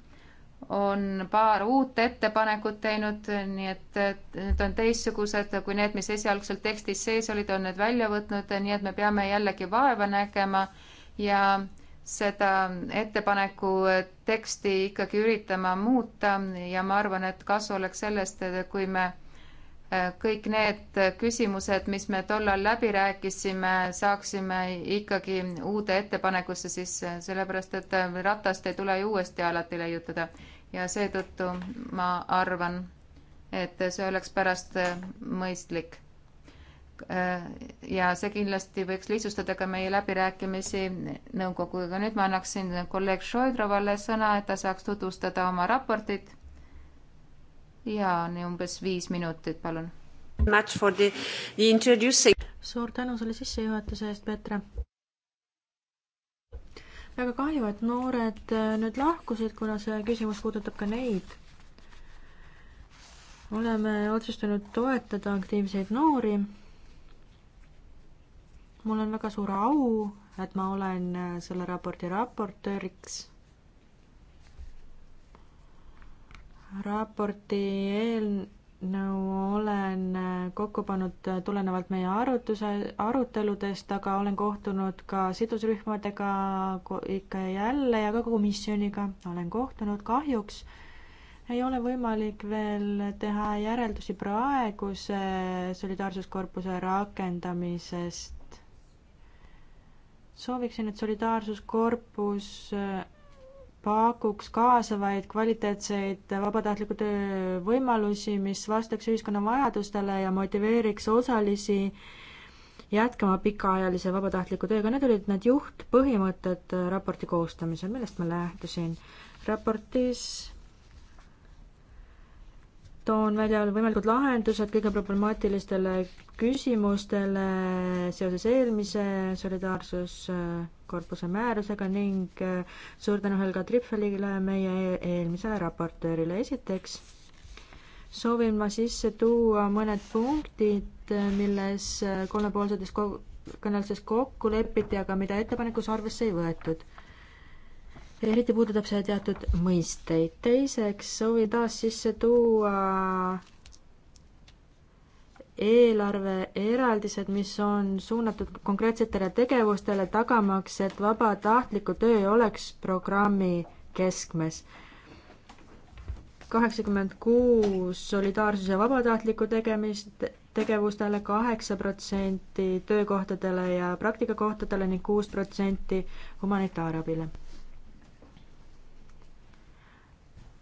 on paar uut ettepanekut teinud, nii et, et need on teistsugused kui need, mis esialgselt tekstis sees olid, on need välja võtnud, nii et me peame jällegi vaeva nägema ja seda ettepaneku teksti ikkagi üritama muuta ja ma arvan, et kasu oleks sellest, kui me Äh, kõik need äh, küsimused, mis me tollal läbi rääkisime, saaksime ikkagi uude ettepanekusse sisse, sellepärast et äh, ratast ei tule ju uuesti alati leiutada. ja seetõttu ma arvan, et see oleks pärast mõistlik. ja see kindlasti võiks lihtsustada ka meie läbirääkimisi nõukoguga. nüüd ma annaksin kolleeg Šoidrovale sõna, et ta saaks tutvustada oma raportit jaa, nii umbes viis minutit, palun. suur tänu selle sissejuhatuse eest, Petra. väga kahju, et noored äh, nüüd lahkusid, kuna see küsimus puudutab ka neid. oleme otsustanud toetada aktiivseid noori. mul on väga suur au, et ma olen äh, selle raporti raportööriks raporti eelnõu olen kokku pannud tulenevalt meie arutuse, aruteludest, aga olen kohtunud ka sidusrühmadega ikka ja jälle ja ka komisjoniga olen kohtunud. kahjuks ei ole võimalik veel teha järeldusi praeguse solidaarsuskorpuse rakendamisest. sooviksin, et solidaarsuskorpus pakuks kaasavaid kvaliteetseid vabatahtliku töö võimalusi, mis vastaks ühiskonna vajadustele ja motiveeriks osalisi jätkama pikaajalise vabatahtliku tööga, need olid need juhtpõhimõtted raporti koostamisel, millest ma lähtusin. raportis toon välja võimalikud lahendused kõige problemaatilistele küsimustele seoses eelmise solidaarsuskorpuse määrusega ning äh, suur tänu Helga Tripfelile, meie e-, eelmisele raportöörile. esiteks soovin ma sisse tuua mõned punktid, milles äh, kolmepoolsetes kõnelustes kokku lepiti, aga mida ettepanekus arvesse ei võetud eriti puudutab see teatud mõisteid. teiseks soovin taas sisse tuua eelarveeraldised, mis on suunatud konkreetsetele tegevustele, tagamaks, et vabatahtliku töö oleks programmi keskmes. kaheksakümmend kuus solidaarsuse vabatahtlikku tegemist, tegevustele, kaheksa protsenti töökohtadele ja praktikakohtadele ning kuus protsenti humanitaarabile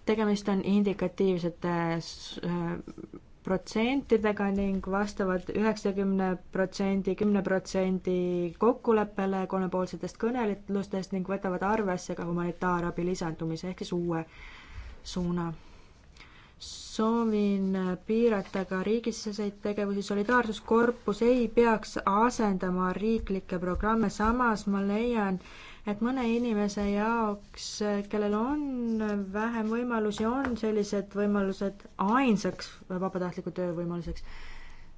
tegemist on indikatiivsete äh, äh, protsentidega ning vastavad üheksakümne protsendi, kümne protsendi kokkuleppele kolmepoolsetest kõnelustest ning võtavad arvesse ka humanitaarabi lisandumise ehk siis uue suuna. soovin piirata ka riigisiseseid tegevusi, solidaarsuskorpus ei peaks asendama riiklikke programme, samas ma leian, et mõne inimese jaoks, kellel on vähem võimalusi, on sellised võimalused ainsaks vabatahtliku töö võimaluseks.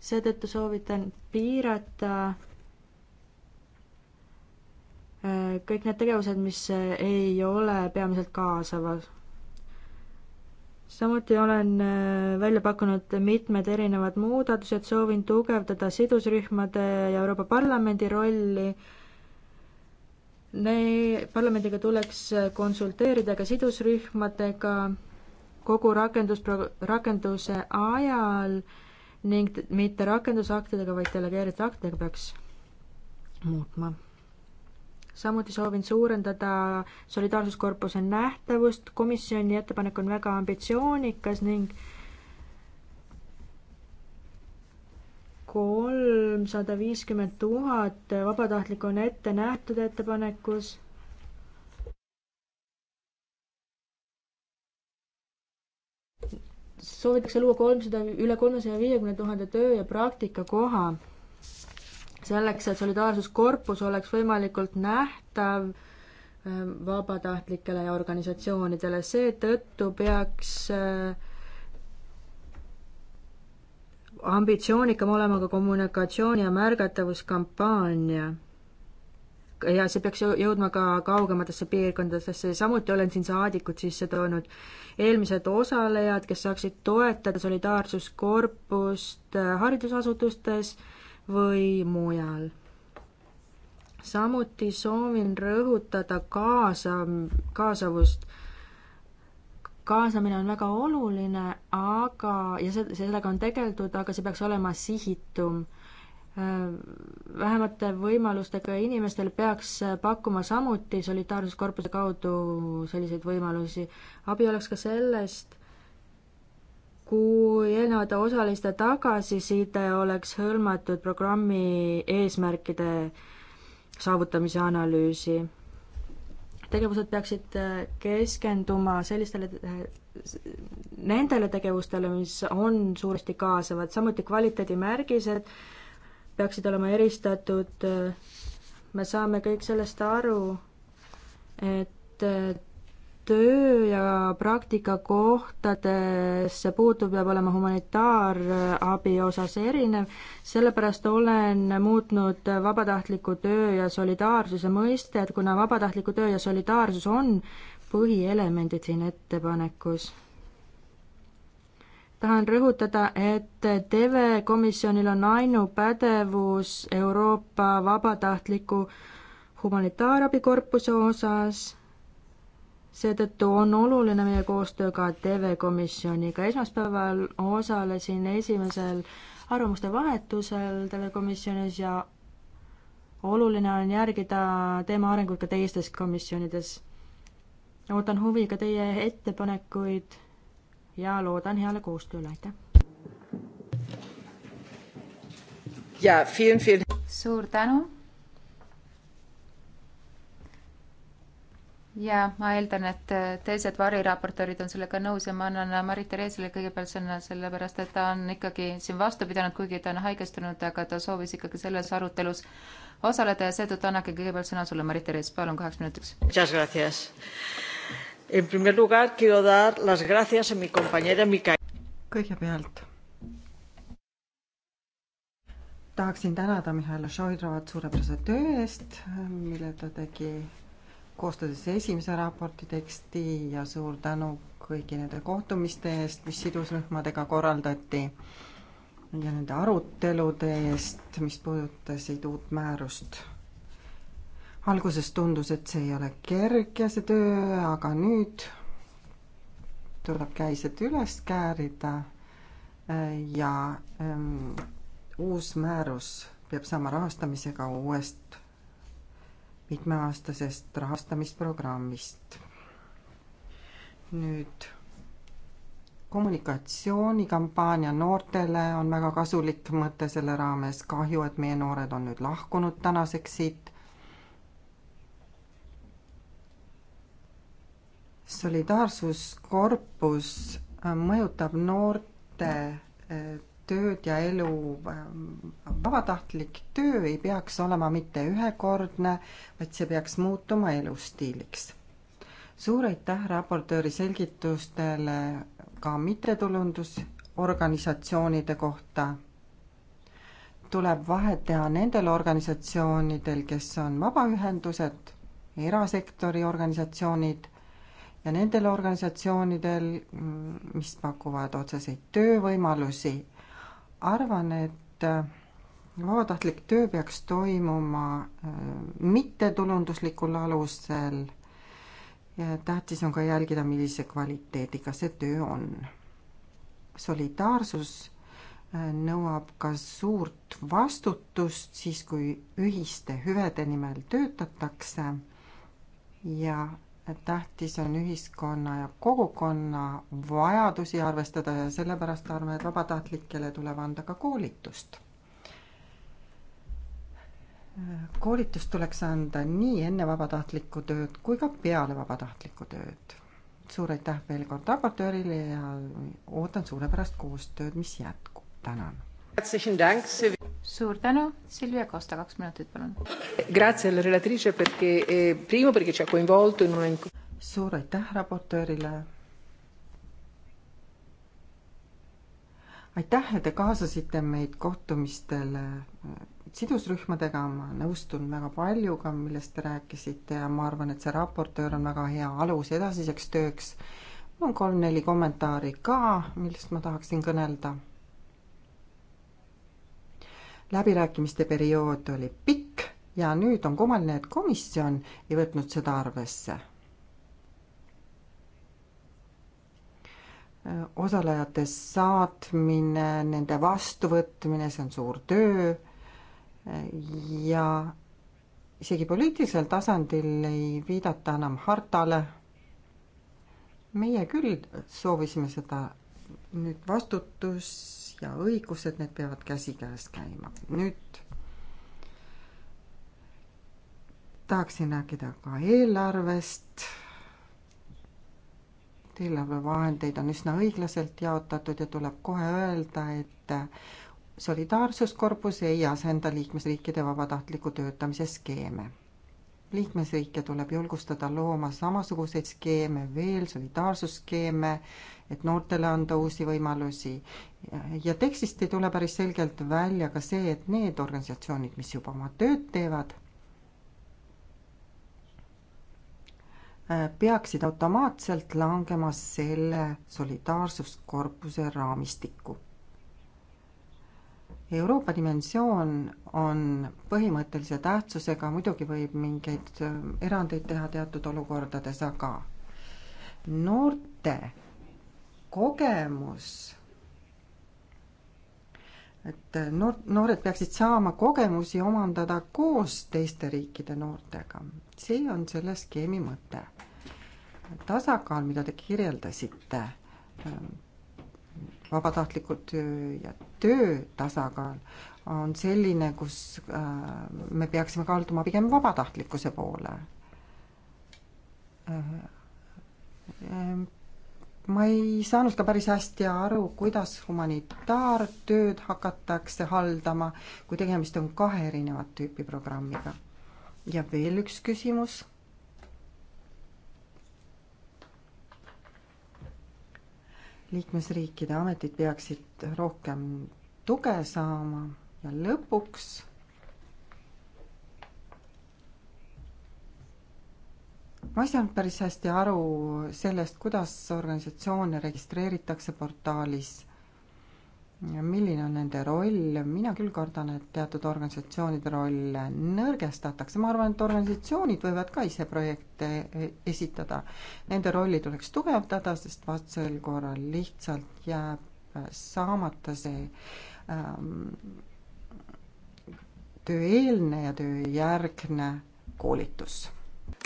seetõttu soovitan piirata äh, kõik need tegevused, mis ei ole peamiselt kaasavad samuti olen äh, välja pakkunud mitmed erinevad muudatused, soovin tugevdada sidusrühmade ja Euroopa Parlamendi rolli Nee, parlamendiga tuleks konsulteerida ka sidusrühmadega kogu rakenduspro-, rakenduse ajal ning mitte rakendusaktidega, vaid delegeeritud aktidega peaks muutma. samuti soovin suurendada solidaarsuskorpuse nähtavust, komisjoni ettepanek on väga ambitsioonikas ning äh, kolmsada viiskümmend tuhat vabatahtlikku on ette nähtud ettepanekus. soovitakse luua kolmsada, üle kolmesaja viiekümne tuhande töö- ja praktikakoha. selleks, et solidaarsuskorpus oleks võimalikult nähtav ähm, vabatahtlikele ja organisatsioonidele, seetõttu peaks äh, ambitsioonikam olema ka kommunikatsiooni ja märgatavuskampaania. ja see peaks jõudma ka kaugematesse piirkondadesse, samuti olen siin saadikud sisse toonud. eelmised osalejad, kes saaksid toetada solidaarsuskorpust äh, haridusasutustes või mujal. samuti soovin rõhutada kaasa, kaasavust kaasamine on väga oluline, aga, ja see, sellega on tegeldud, aga see peaks olema sihitum. Äh, vähemate võimalustega inimestel peaks äh, pakkuma samuti solidaarsuskorpuse kaudu selliseid võimalusi. abi oleks ka sellest, kui eelnevate osaliste tagasiside oleks hõlmatud programmi eesmärkide saavutamise analüüsi tegevused peaksid äh, keskenduma sellistele, äh, nendele tegevustele, mis on suuresti kaasavad, samuti kvaliteedimärgised peaksid olema eristatud. Äh, me saame kõik sellest aru, et töö ja praktikakohtadesse puutuv peab olema humanitaarabi osas erinev, sellepärast olen muutnud vabatahtliku töö ja solidaarsuse mõisted, kuna vabatahtliku töö ja solidaarsus on põhielemendid siin ettepanekus. tahan rõhutada, et TV komisjonil on ainupädevus Euroopa vabatahtliku humanitaarabikorpuse osas seetõttu on oluline meie koostöö ka TV-komisjoniga. esmaspäeval osalesin esimesel arvamuste vahetusel telekomisjonis ja oluline on järgida teema arengut ka teistes komisjonides. ootan huviga teie ettepanekuid ja loodan heale koostööle, aitäh! jaa, suur tänu! ja ma eeldan, et äh, teised variraportöörid on sellega nõus ja ma annan äh, Marit-Thereesele kõigepealt sõna, sellepärast et ta on ikkagi siin vastu pidanud, kuigi ta on haigestunud, aga ta soovis ikkagi selles arutelus osaleda ja seetõttu annangi kõigepealt sõna sulle, Marit-Therees, palun kaheks minutiks. kõigepealt tahaksin tänada Mihhail Šoirovat suurepärase töö eest, mille ta tegi koostades esimese raporti teksti ja suur tänu kõigi nende kohtumiste eest, mis sidusrühmadega korraldati ja nende arutelude eest, mis puudutasid uut määrust. alguses tundus, et see ei ole kerge, see töö, aga nüüd tuleb käised üles käärida ja ähm, uus määrus peab saama rahastamisega uuest mitmeaastasest rahastamisprogrammist. nüüd kommunikatsioonikampaania noortele on väga kasulik mõte selle raames, kahju, et meie noored on nüüd lahkunud tänaseks siit. solidaarsuskorpus mõjutab noorte eh, tööd ja elu, ähm, vabatahtlik töö ei peaks olema mitte ühekordne, vaid see peaks muutuma elustiiliks. suur aitäh raportööri selgitustele ka mittetulundusorganisatsioonide kohta. tuleb vahet teha nendel organisatsioonidel, kes on vabaühendused, erasektori organisatsioonid ja nendel organisatsioonidel, mm, mis pakuvad otseseid töövõimalusi arvan, et äh, vabatahtlik töö peaks toimuma äh, mittetulunduslikul alusel. tähtis on ka jälgida, millise kvaliteediga see töö on. solidaarsus äh, nõuab ka suurt vastutust siis, kui ühiste hüvede nimel töötatakse ja tähtis on ühiskonna ja kogukonna vajadusi arvestada ja sellepärast arvame, et vabatahtlikele tuleb anda ka koolitust. koolitust tuleks anda nii enne vabatahtlikku tööd kui ka peale vabatahtlikku tööd. suur aitäh veel kord raportöörile ja ootan suurepärast koostööd, mis jätkub. tänan suur tänu, Silvia Costa, kaks minutit, palun. Eh, suur aitäh raportöörile. aitäh, et te kaasasite meid kohtumistele eh, sidusrühmadega, ma nõustun väga paljuga, millest te rääkisite ja ma arvan, et see raportöör on väga hea alus edasiseks tööks. mul on kolm-neli kommentaari ka, millest ma tahaksin kõnelda läbirääkimiste periood oli pikk ja nüüd on kummaline, et komisjon ei võtnud seda arvesse. osalejate saatmine, nende vastuvõtmine, see on suur töö ja isegi poliitilisel tasandil ei viidata enam hartale. meie küll soovisime seda nüüd vastutus ja õigused, need peavad käsikäes käima. nüüd tahaksin rääkida ka eelarvest. eelarvevahendeid on üsna õiglaselt jaotatud ja tuleb kohe öelda, et solidaarsuskorpus ei asenda liikmesriikide vabatahtliku töötamise skeeme liikmesriike tuleb julgustada looma samasuguseid skeeme veel, solidaarsusskeeme, et noortele anda uusi võimalusi. ja tekstist ei tule päris selgelt välja ka see, et need organisatsioonid, mis juba oma tööd teevad, peaksid automaatselt langema selle solidaarsuskorpuse raamistikku Euroopa dimensioon on põhimõttelise tähtsusega, muidugi võib mingeid äh, erandeid teha teatud olukordades, aga noorte kogemus, et noor, noored peaksid saama kogemusi omandada koos teiste riikide noortega. see on selle skeemi mõte. tasakaal, mida te kirjeldasite, ähm, vabatahtlikult töö ja töö tasakaal on selline, kus äh, me peaksime kalduma pigem vabatahtlikkuse poole. Äh, ähm, ma ei saanud ka päris hästi aru, kuidas humanitaartööd hakatakse haldama, kui tegemist on kahe erinevat tüüpi programmiga. ja veel üks küsimus liikmesriikide ametid peaksid rohkem tuge saama ja lõpuks ma ei saanud päris hästi aru sellest, kuidas organisatsioone registreeritakse portaalis milline on nende roll, mina küll kardan, et teatud organisatsioonide roll nõrgestatakse, ma arvan, et organisatsioonid võivad ka ise projekte e-, esitada. Nende rolli tuleks tugevdada, sest vastasel korral lihtsalt jääb saamata see ähm, tööeelne ja tööjärgne koolitus.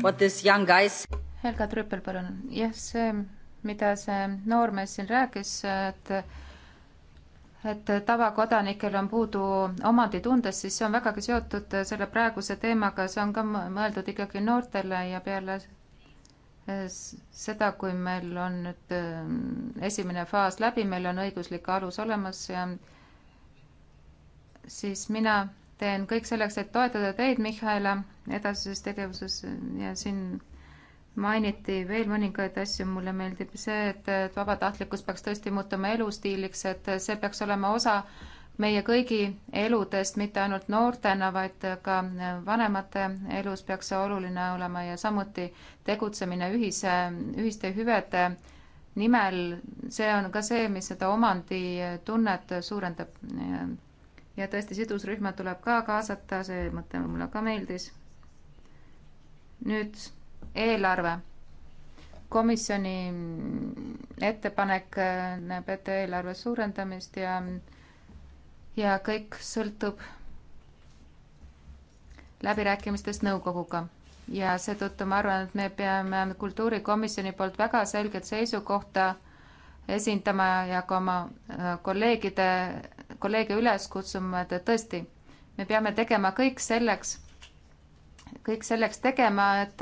What is young guys? Helga Trüppel, palun. jah, see, mida see noormees siin rääkis, et et tavakodanikel on puudu omanditundest, siis see on vägagi seotud selle praeguse teemaga, see on ka mõeldud ikkagi noortele ja peale seda, kui meil on nüüd mm, esimene faas läbi, meil on õiguslik alus olemas ja siis mina teen kõik selleks, et toetada teid, Mihhail, edasises tegevuses ja siin mainiti veel mõningaid asju, mulle meeldib see, et, et vabatahtlikkus peaks tõesti muutuma elustiiliks, et see peaks olema osa meie kõigi eludest, mitte ainult noortena, vaid ka vanemate elus peaks see oluline olema ja samuti tegutsemine ühise, ühiste hüvede nimel, see on ka see, mis seda omanditunnet suurendab. ja tõesti, sidusrühma tuleb ka kaasata, see mõte mulle ka meeldis. nüüd eelarve. komisjoni ettepanek äh, näeb ette eelarve suurendamist ja, ja kõik sõltub läbirääkimistest nõukoguga ja seetõttu ma arvan, et me peame kultuurikomisjoni poolt väga selget seisukohta esindama ja ka oma äh, kolleegide, kolleege üles kutsuma, et tõesti, me peame tegema kõik selleks kõik selleks tegema, et,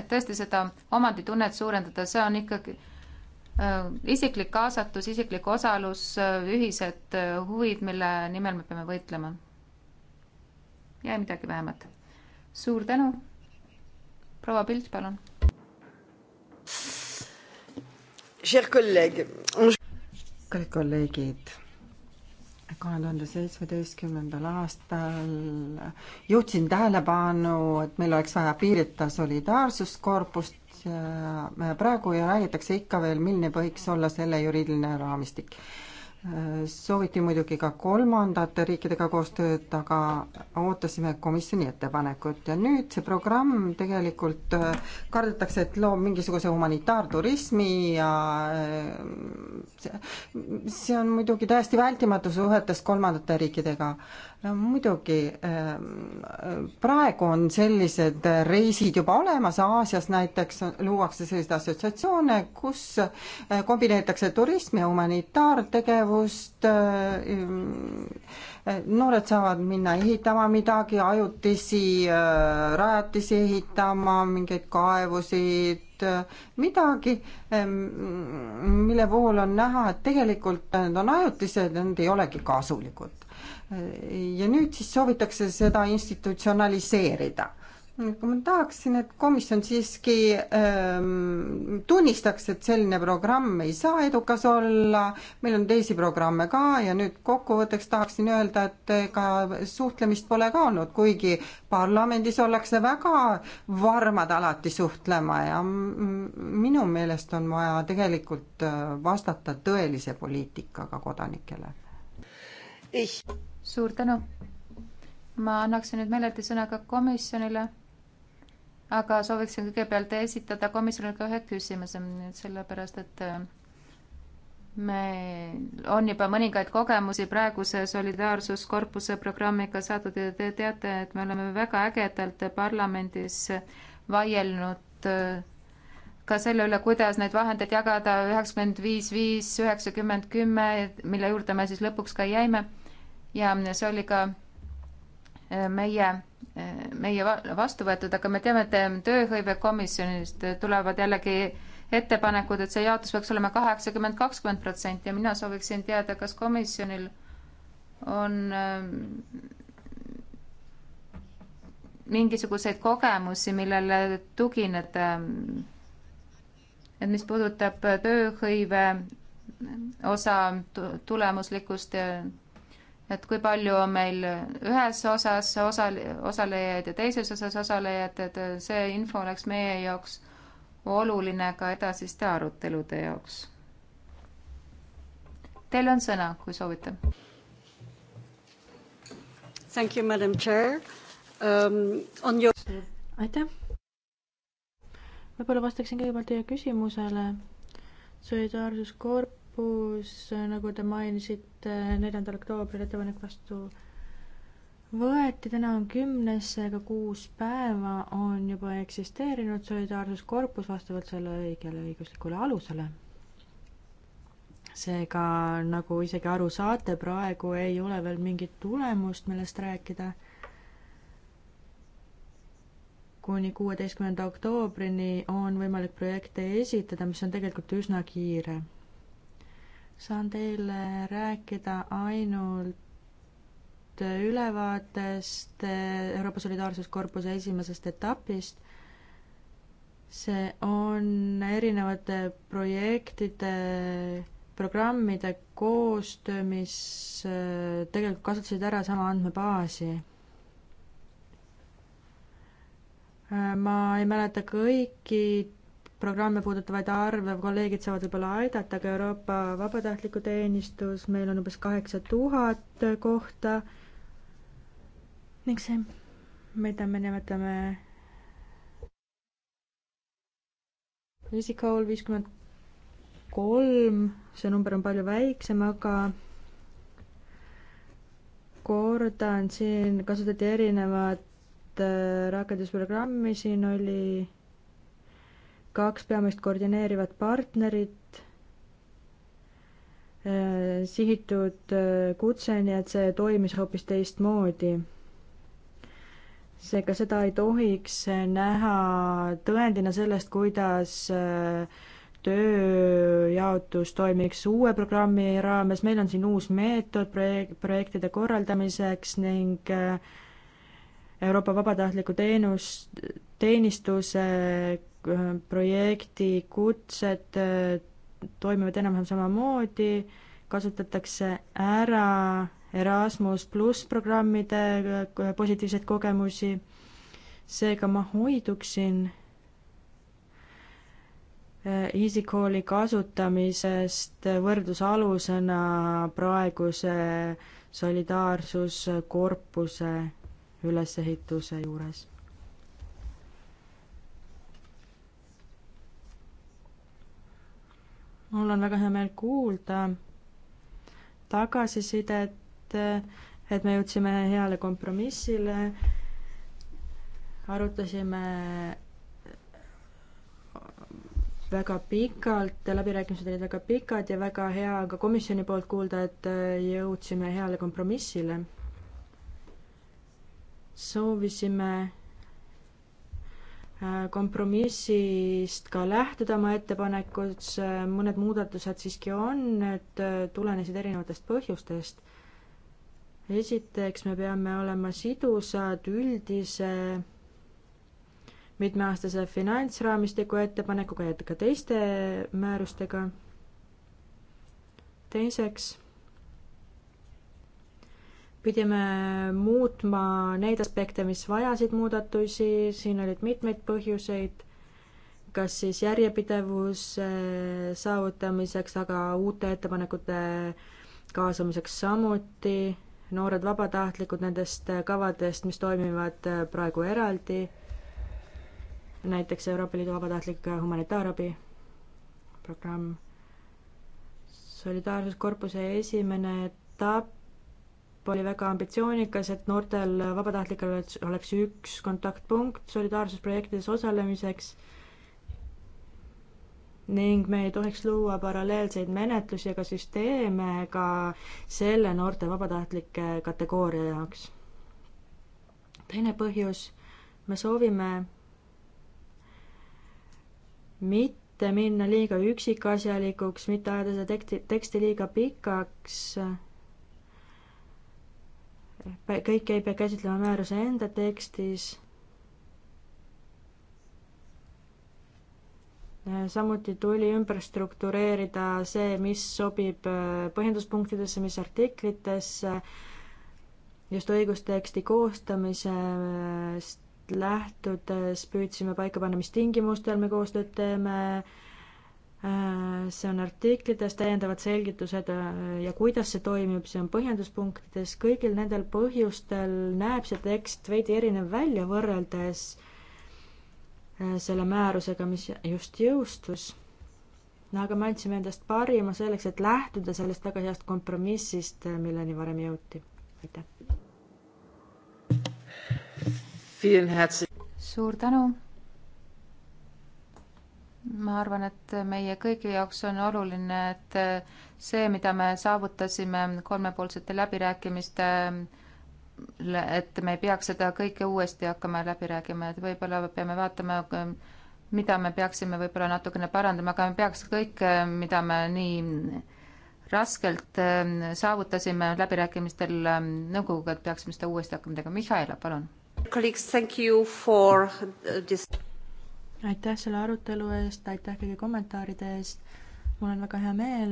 et tõesti seda omanditunnet suurendada, see on ikkagi äh, isiklik kaasatus, isiklik osalus, äh, ühised äh, huvid, mille nimel me peame võitlema. ja midagi vähemat. suur tänu. proua Pilt, palun. kallid kolleegid kahe tuhande seitsmeteistkümnendal aastal juhtisin tähelepanu, et meil oleks vaja piirita solidaarsuskorpust praegu räägitakse ikka veel, milline võiks olla selle juriidiline raamistik sooviti muidugi ka kolmandate riikidega koostööd, aga ootasime komisjoni ettepanekut ja nüüd see programm tegelikult äh, kardetakse, et loob mingisuguse humanitaarturismi ja äh, see, see on muidugi täiesti vältimatu suhetes kolmandate riikidega muidugi, ähm, praegu on sellised reisid juba olemas, Aasias näiteks luuakse selliseid assotsiatsioone, kus äh, kombineeritakse turismi ja humanitaartegevust, äh, äh, noored saavad minna ehitama midagi, ajutisi rajatisi ehitama, mingeid kaevusid, midagi, ähm, mille puhul on näha, et tegelikult need on ajutised, need ei olegi kasulikud ja nüüd siis soovitakse seda institutsionaliseerida kui ma tahaksin, et komisjon siiski ähm, tunnistaks, et selline programm ei saa edukas olla, meil on teisi programme ka ja nüüd kokkuvõtteks tahaksin öelda, et ega suhtlemist pole ka olnud, kuigi parlamendis ollakse väga varmad alati suhtlema ja minu meelest on vaja tegelikult äh, vastata tõelise poliitikaga kodanikele suur tänu. ma annaksin nüüd meeleldi sõna ka komisjonile. aga sooviksin kõigepealt esitada komisjonile ka ühe küsimuse, sellepärast et äh, me, on juba mõningaid kogemusi praeguse Solidaarsuskorpuse programmiga saadud ja te teate, et me oleme väga ägedalt parlamendis vaielnud äh, ka selle üle, kuidas neid vahendeid jagada üheksakümmend viis, viis, üheksakümmend, kümme, mille juurde me siis lõpuks ka jäime ja see oli ka äh, meie, äh, meie vastu võetud, aga me teame, et äh, tööhõivekomisjonist tulevad jällegi ettepanekud, et see jaotus peaks olema kaheksakümmend, kakskümmend protsenti ja mina sooviksin teada, kas komisjonil on ähm, mingisuguseid kogemusi, millele tugineda, ähm, et mis puudutab tööhõive osa tulemuslikkust ja et kui palju on meil ühes osas osal-, osalejaid ja teises osas osalejaid, et see info oleks meie jaoks oluline ka edasiste arutelude jaoks. Teil on sõna, kui soovite. Thank you, madam chair um,. On your. aitäh. võib-olla vastaksin kõigepealt teie küsimusele. solidaarsuskorp lõpus, nagu te mainisite, neljandal oktoobril ettepanek vastu võeti, täna on kümnes, seega kuus päeva on juba eksisteerinud solidaarsuskorpus vastavalt selle õigele õiguslikule alusele. seega, nagu isegi aru saate, praegu ei ole veel mingit tulemust, millest rääkida kuni kuueteistkümnenda oktoobrini on võimalik projekte esitada, mis on tegelikult üsna kiire saan teile rääkida ainult ülevaatest Euroopa Solidaarsuskorpuse esimesest etapist. see on erinevate projektide, programmide koostöö, mis äh, tegelikult kasutasid ära sama andmebaasi. Äh, ma ei mäleta kõiki programme puudutavaid arve kolleegid saavad võib-olla aidata, aga Euroopa Vabatahtliku Teenistus, meil on umbes kaheksa tuhat kohta ning see, mida me nimetame Easycall viiskümmend kolm, see number on palju väiksem, aga kordan, siin kasutati erinevat äh, rakendusprogrammi, siin oli kaks peamist koordineerivat partnerit, äh, sihitud äh, kutse, nii et see toimis hoopis teistmoodi. seega seda ei tohiks näha tõendina sellest, kuidas äh, tööjaotus toimiks uue programmi raames, meil on siin uus meetod projek-, projektide korraldamiseks ning Euroopa Vabatahtliku Teenus, teenistuse Äh, projekti kutsed äh, toimivad enam-vähem samamoodi, kasutatakse ära Erasmus pluss programmide äh, positiivseid kogemusi, seega ma hoiduksin EasyCalli kasutamisest võrdlusalusena praeguse solidaarsuskorpuse ülesehituse juures mul on väga hea meel kuulda tagasisidet, et me jõudsime heale kompromissile, arutasime väga pikalt, läbirääkimised olid väga pikad ja väga hea ka komisjoni poolt kuulda, et jõudsime heale kompromissile. soovisime Äh, kompromissist ka lähtuda oma ettepanekus, äh, mõned muudatused siiski on, need äh, tulenesid erinevatest põhjustest. esiteks me peame olema sidusad üldise mitmeaastase finantsraamistiku ettepanekuga ja ka teiste määrustega. teiseks pidime muutma neid aspekte, mis vajasid muudatusi, siin olid mitmeid põhjuseid, kas siis järjepidevuse saavutamiseks, aga uute ettepanekute kaasamiseks samuti, noored vabatahtlikud nendest kavadest, mis toimivad praegu eraldi, näiteks Euroopa Liidu vabatahtlik humanitaarabi programm, solidaarsuskorpuse esimene etapp, oli väga ambitsioonikas, et noortel vabatahtlikel oleks, oleks üks kontaktpunkt solidaarsusprojektides osalemiseks ning me ei tohiks luua paralleelseid menetlusi ega süsteeme ka selle noorte vabatahtlike kategooria jaoks. teine põhjus, me soovime mitte minna liiga üksikasjalikuks, mitte ajada seda teksti, teksti liiga pikaks kõike ei pea käsitlema määruse enda tekstis. samuti tuli ümber struktureerida see, mis sobib äh, põhjenduspunktidesse, mis artiklitesse, just õigusteksti koostamisest lähtudes püüdsime paika panna, mis tingimustel me koostööd teeme, Äh, see on artiklites, täiendavad selgitused äh, ja kuidas see toimib, see on põhjenduspunktides, kõigil nendel põhjustel näeb see tekst veidi erinev välja võrreldes äh, selle määrusega, mis just jõustus. no aga me andsime endast parima selleks, et lähtuda sellest väga heast kompromissist, milleni varem jõuti. aitäh! suur tänu! ma arvan, et meie kõigi jaoks on oluline, et see, mida me saavutasime kolmepoolsete läbirääkimiste et me ei peaks seda kõike uuesti hakkama läbi räägima, et võib-olla peame vaatama, mida me peaksime võib-olla natukene parandama, aga me peaks kõik, mida me nii raskelt eh, saavutasime läbirääkimistel eh, nõukoguga, et peaksime seda uuesti hakkama tegema. Mihhail, palun aitäh selle arutelu eest, aitäh kõigi kommentaaride eest. mul on väga hea meel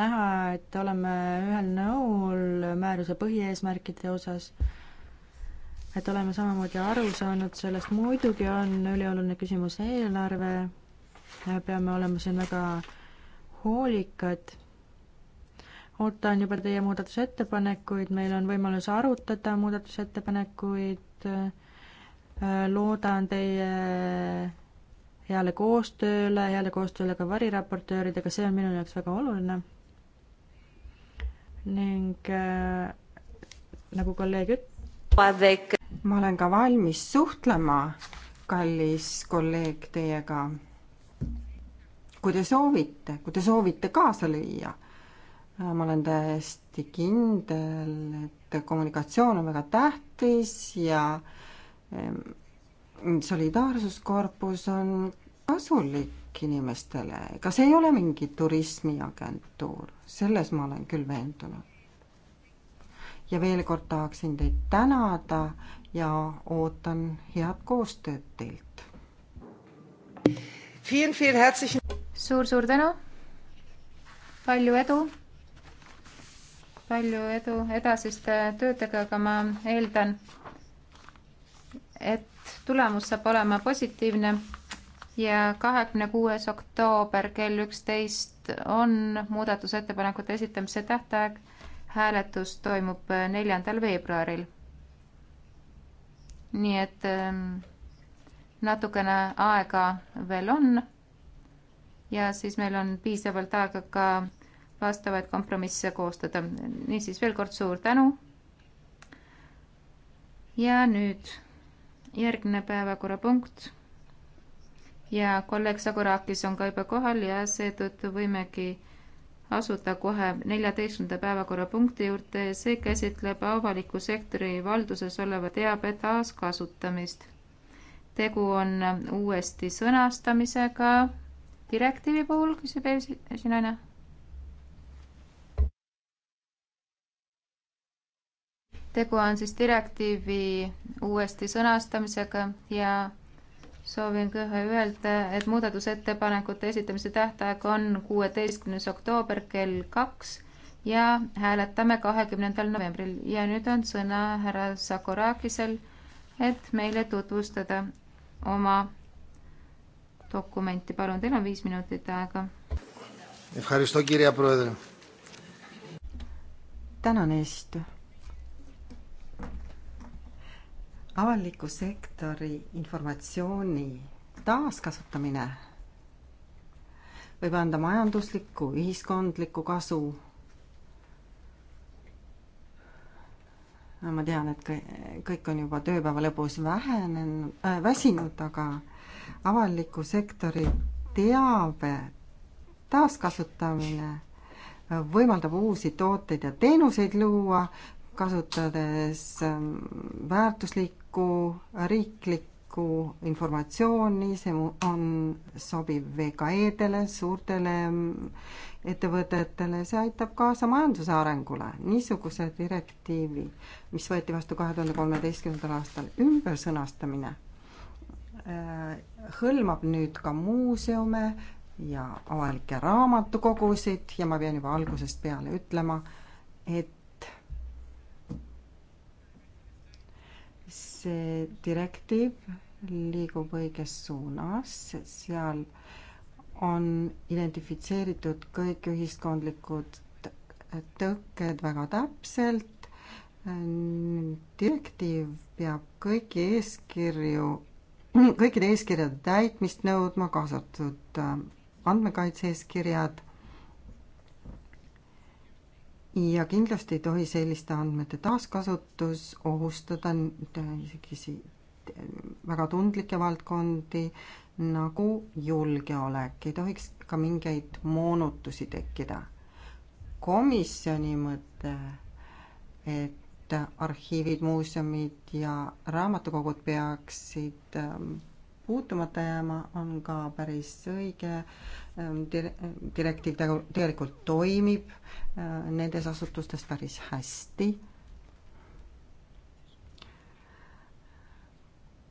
näha, et oleme ühel nõul määruse põhieesmärkide osas, et oleme samamoodi aru saanud sellest, muidugi on ülioluline küsimus eelarve, peame olema siin väga hoolikad, ootan juba teie muudatusettepanekuid, meil on võimalus arutada muudatusettepanekuid, Äh, loodan teie heale koostööle, heale koostööle ka variraportööridega, see on minu jaoks väga oluline. ning äh, nagu kolleeg üt-. ma olen ka valmis suhtlema, kallis kolleeg, teiega. kui te soovite, kui te soovite kaasa lüüa äh, ma olen täiesti kindel, et kommunikatsioon on väga tähtis ja Ehm, solidaarsuskorpus on kasulik inimestele, ega see ei ole mingi turismiagentuur, selles ma olen küll veendunud. ja veel kord tahaksin teid tänada ja ootan head koostööd teilt. suur-suur tänu, palju edu, palju edu edasiste töödega, aga ma eeldan, et tulemus saab olema positiivne ja kahekümne kuues oktoober kell üksteist on muudatusettepanekute esitamise tähtaeg. hääletus toimub neljandal veebruaril. nii et ähm, natukene aega veel on ja siis meil on piisavalt aega ka vastavaid kompromisse koostada. niisiis veel kord suur tänu. ja nüüd järgmine päevakorrapunkt ja kolleeg Sagurakis on ka juba kohal ja seetõttu võimegi asuda kohe neljateistkümnenda päevakorrapunkti juurde, see käsitleb avaliku sektori valduses oleva teabe taaskasutamist. tegu on uuesti sõnastamisega direktiivi puhul, küsib esinaine tegu on siis direktiivi uuesti sõnastamisega ja soovin kohe öelda, et muudatusettepanekute esitamise tähtaeg on kuueteistkümnes oktoober kell kaks ja hääletame kahekümnendal novembril ja nüüd on sõna härra Sakorakisel, et meile tutvustada oma dokumenti, palun, teil on viis minutit aega. tänan, eesistuja avaliku sektori informatsiooni taaskasutamine võib anda majanduslikku, ühiskondlikku kasu. ma tean, et kõik on juba tööpäeva lõpus vähenenud äh,, väsinud, aga avaliku sektori teabe taaskasutamine võimaldab uusi tooteid ja teenuseid luua, kasutades ähm, väärtuslik-, avalikku riiklikku informatsiooni, see on sobiv VKE-dele, suurtele mm, ettevõtetele, see aitab kaasa majanduse arengule. niisuguse direktiivi, mis võeti vastu kahe tuhande kolmeteistkümnendal aastal, ümbersõnastamine äh, hõlmab nüüd ka muuseume ja avalikke raamatukogusid ja ma pean juba algusest peale ütlema, et see direktiiv liigub õiges suunas, seal on identifitseeritud kõik ühiskondlikud tõkked väga täpselt. direktiiv peab kõiki eeskirju, kõikide eeskirjade täitmist nõudma, kaasa arvatud andmekaitse eeskirjad ja kindlasti ei tohi selliste andmete taaskasutus ohustada isegi eh, väga tundlikke valdkondi nagu julgeolek, ei tohiks ka mingeid moonutusi tekkida. komisjoni mõte, et arhiivid, muuseumid ja raamatukogud peaksid ähm, puutumata jääma, on ka päris õige. Ehm, direktiiv tegelikult toimib ehm, nendes asutustes päris hästi.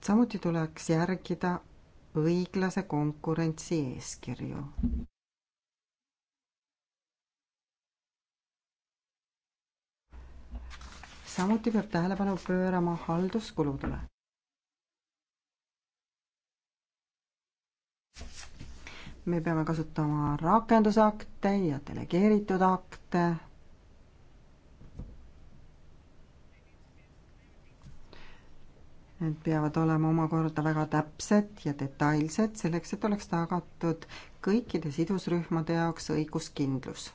samuti tuleks järgida õiglase konkurentsi eeskirju. samuti peab tähelepanu pöörama halduskuludele me peame kasutama rakendusakte ja delegeeritud akte. Need peavad olema omakorda väga täpsed ja detailsed, selleks et oleks tagatud kõikide sidusrühmade jaoks õiguskindlus.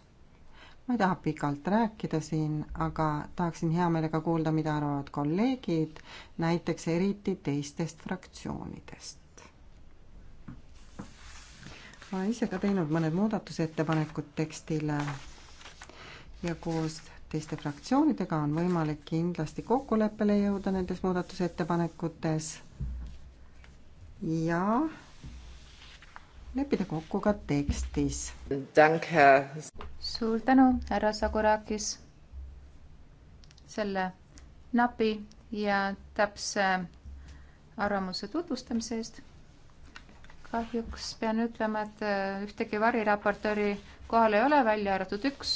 ma ei taha pikalt rääkida siin, aga tahaksin hea meelega kuulda, mida arvavad kolleegid, näiteks eriti teistest fraktsioonidest ma olen ise ka teinud mõned muudatusettepanekud tekstile ja koos teiste fraktsioonidega on võimalik kindlasti kokkuleppele jõuda nendes muudatusettepanekutes ja leppida kokku ka tekstis. suur tänu, härra Sagurakis, selle napi ja täpse arvamuse tutvustamise eest kahjuks pean ütlema, et äh, ühtegi variraportööri kohal ei ole, välja arvatud üks.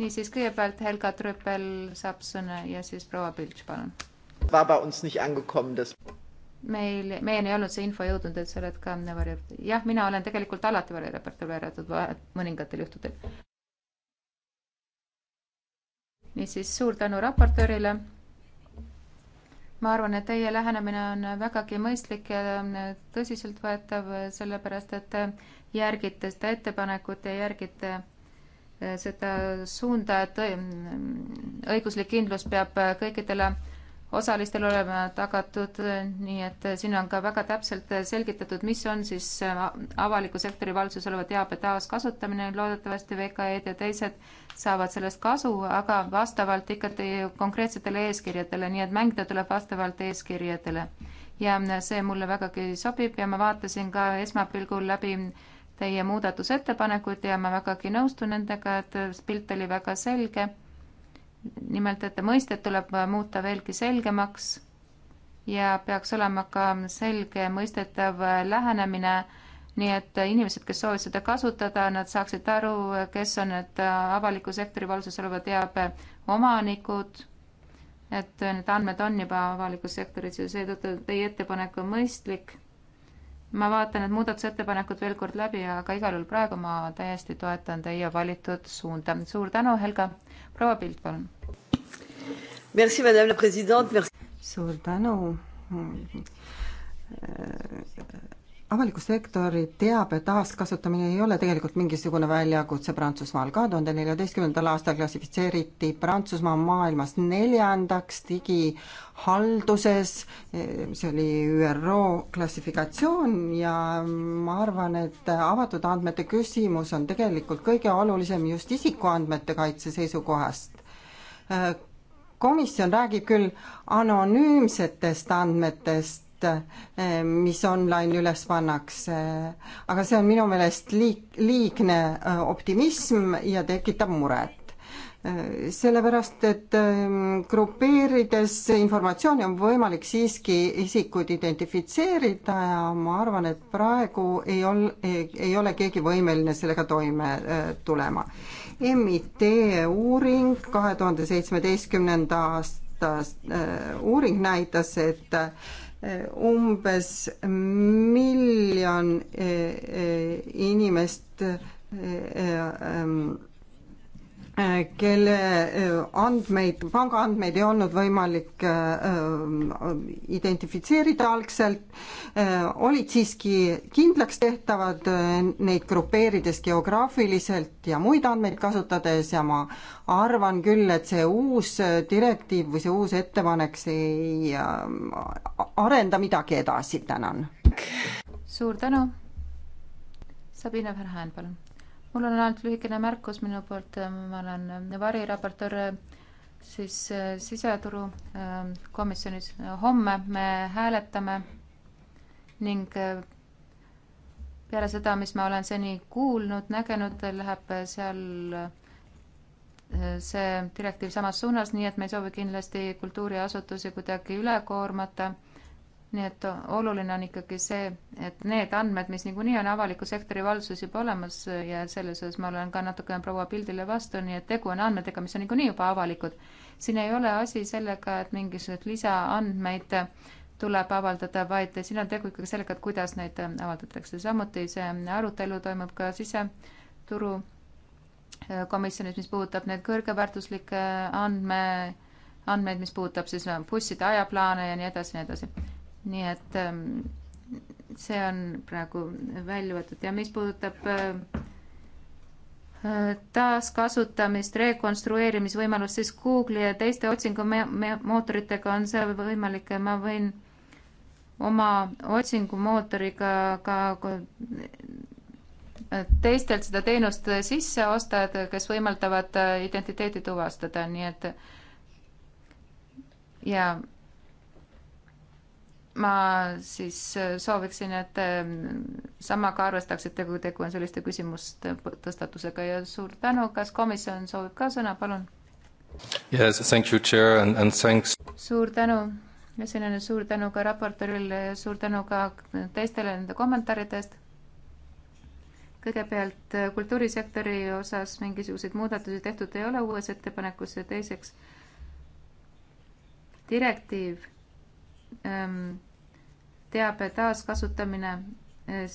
niisiis, kõigepealt Helga Trüppel saab sõna ja siis proua Pilts, palun. meil, meieni ei olnud see info jõudnud, et sa oled ka vari-, jah, mina olen tegelikult alati variraportööri arvatud mõningatel juhtudel. niisiis, suur tänu raportöörile ma arvan, et teie lähenemine on vägagi mõistlik ja ähm, tõsiseltvõetav, sellepärast et järgite seda ettepanekut ja järgite äh, seda suunda, et ähm, õiguslik kindlus peab äh, kõikidele osalistele olema tagatud, nii et siin on ka väga täpselt selgitatud, mis on siis avaliku sektori valduses oleva teabe taaskasutamine, loodetavasti VKE-d ja teised saavad sellest kasu, aga vastavalt ikkagi konkreetsetele eeskirjadele, nii et mängida tuleb vastavalt eeskirjadele. ja see mulle vägagi sobib ja ma vaatasin ka esmapilgul läbi teie muudatusettepanekud ja ma vägagi nõustun nendega, et pilt oli väga selge nimelt, et mõisted tuleb muuta veelgi selgemaks ja peaks olema ka selge mõistetav lähenemine, nii et inimesed, kes soovivad seda kasutada, nad saaksid aru, kes on need avaliku sektori valduses oleva teabe omanikud, et need andmed on juba avalikus sektoris ja seetõttu teie ettepanek on mõistlik. ma vaatan need muudatusettepanekud veel kord läbi, aga igal juhul praegu ma täiesti toetan teie valitud suunda. suur tänu, Helga! proua Pilt, palun. suur tänu avaliku sektori teabe taaskasutamine ei ole tegelikult mingisugune väljakutse Prantsusmaal. kahe tuhande neljateistkümnendal aastal klassifitseeriti Prantsusmaa maailmas neljandaks digihalduses, see oli ÜRO klassifikatsioon ja ma arvan, et avatud andmete küsimus on tegelikult kõige olulisem just isikuandmete kaitse seisukohast komisjon räägib küll anonüümsetest andmetest, Eh, mis online üles pannakse. aga see on minu meelest liig-, liigne eh, optimism ja tekitab muret eh, sellepärast, et grupeerides informatsiooni on võimalik siiski isikud identifitseerida ja ma arvan, et praegu ei ol-, ei ole keegi võimeline sellega toime tulema. MIT uuring kahe tuhande seitsmeteistkümnenda aasta uuring näitas, et umbes miljon eh, eh, inimest eh, ähm, kelle äh, andmeid, pangaandmeid ei olnud võimalik äh, identifitseerida algselt, äh, olid siiski kindlaks tehtavad, neid grupeerides geograafiliselt ja muid andmeid kasutades ja ma arvan küll, et see uus direktiiv või see uus ettepanek, see ei arenda midagi edasi, tänan. suur tänu. Sabine Verhaen, palun mul on ainult lühikene märkus minu poolt, ma olen variraportöör äh, siis äh, siseturu äh, komisjonis. homme me hääletame ning peale seda, mis ma olen seni kuulnud, nägenud, läheb seal see direktiiv samas suunas, nii et me ei soovi kindlasti kultuuriasutusi kuidagi üle koormata nii et oluline on ikkagi see, et need andmed, mis niikuinii on avaliku sektori valduses juba olemas ja selles osas ma olen ka natukene proua pildile vastu, nii et tegu on andmetega, mis on niikuinii juba avalikud. siin ei ole asi sellega, et mingisuguseid lisaandmeid tuleb avaldada, vaid siin on tegu ikkagi sellega, et kuidas neid avaldatakse. samuti see arutelu toimub ka siseturu komisjonis, mis puudutab neid kõrgeväärtuslikke andme, andmeid, mis puudutab siis busside ajaplaane ja nii edasi, nii edasi nii et ähm, see on praegu välja võetud ja mis puudutab äh, äh, taaskasutamist, rekonstrueerimisvõimalust, siis Google'i ja teiste otsingumootoritega on see võimalik ja ma võin oma otsingumootoriga ka teistelt seda teenust sisse osta, et kes võimaldavad äh, identiteeti tuvastada, nii et ja ma siis äh, sooviksin, et ähm, samaga arvestaksite, kui tegu on selliste küsimuste tõstatusega ja suur tänu, kas komisjon soovib ka sõna, palun? Yes, thank you, chair and, and thanks. suur tänu, esinejale, suur tänu ka raportöörile ja suur tänu ka teistele nende kommentaaride eest. kõigepealt äh, kultuurisektori osas mingisuguseid muudatusi tehtud ei ole uues ettepanekus ja teiseks direktiiv Ähm, teabe taaskasutamine, äh,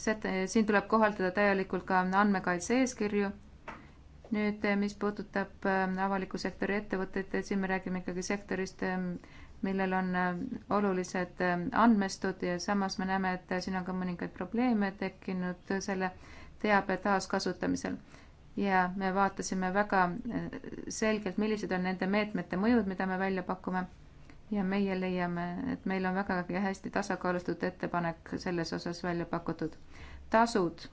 siin tuleb kohaldada täielikult ka andmekaitse eeskirju. nüüd, äh, mis puudutab ähm, avaliku sektori ettevõtteid et, siin me räägime ikkagi sektorist, ähm, millel on äh, olulised andmestud ja samas me näeme, et siin on ka mõningaid probleeme tekkinud selle teabe taaskasutamisel. ja me vaatasime väga selgelt, millised on nende meetmete mõjud, mida me välja pakume ja meie leiame, et meil on vägagi hästi tasakaalustatud ettepanek selles osas välja pakutud. tasud.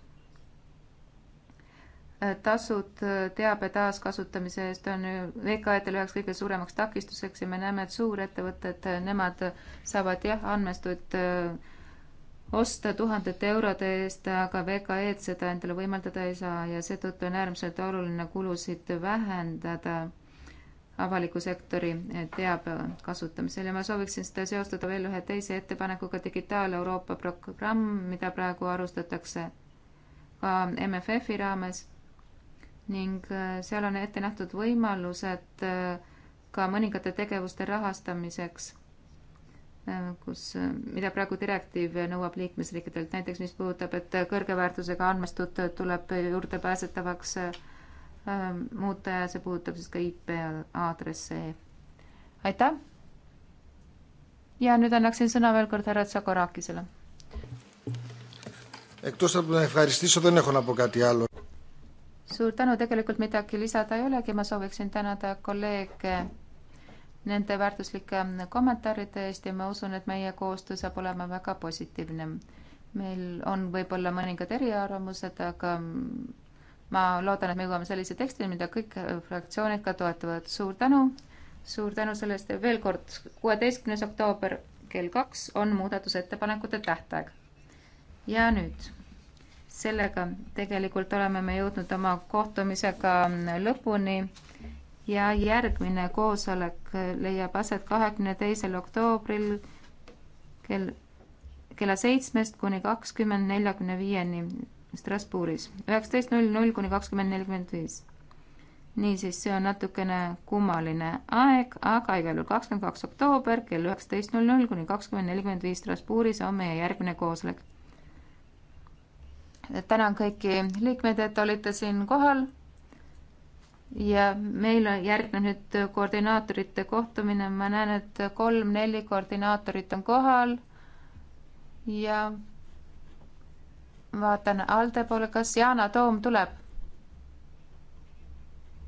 Äh, tasud äh, teabe taaskasutamise eest on VKE-del üheks kõige suuremaks takistuseks ja me näeme, et suurettevõtted, äh, nemad saavad jah, andmestuid osta tuhandete eurode eest, aga VKE-d seda endale võimaldada ei saa ja seetõttu on äärmiselt oluline kulusid vähendada avaliku sektori eh, teabe kasutamisel ja ma sooviksin seda seostada veel ühe teise ettepanekuga Digitaal-Euroopa programm, mida praegu alustatakse ka MFF-i raames ning eh, seal on ette nähtud võimalused eh, ka mõningate tegevuste rahastamiseks, kus, mida praegu direktiiv nõuab liikmesriikidelt, näiteks mis puudutab, et kõrge väärtusega andmestud tuleb juurdepääsetavaks äh, Ähm, muuta ja see puudutab siis ka IP aadresse. aitäh. ja nüüd annaksin sõna veel kord härra Tsakorakisele. suur tänu, tegelikult midagi lisada ei olegi, ma sooviksin tänada kolleege nende väärtuslike kommentaaride eest ja ma usun, et meie koostöö saab olema väga positiivne. meil on võib-olla mõningad eriarvamused, aga ma loodan, et me jõuame sellise tekstini, mida kõik äh, fraktsioonid ka toetavad. suur tänu, suur tänu selle eest ja veel kord, kuueteistkümnes oktoober kell kaks on muudatusettepanekute tähtaeg. ja nüüd sellega tegelikult oleme me jõudnud oma kohtumisega äh, lõpuni ja järgmine koosolek äh, leiab aset kahekümne teisel oktoobril kell, kella seitsmest kuni kakskümmend neljakümne viieni. Strasbourgis üheksateist null null kuni kakskümmend nelikümmend viis. niisiis, see on natukene kummaline aeg, aga igal juhul kakskümmend kaks oktoober kell üheksateist null null kuni kakskümmend nelikümmend viis Strasbourgis on meie järgmine koosolek. tänan kõiki liikmeid, et olite siin kohal ja meil järgneb nüüd koordinaatorite kohtumine, ma näen, et kolm-neli koordinaatorit on kohal ja vaatan Alde poole, kas Yana Toom tuleb?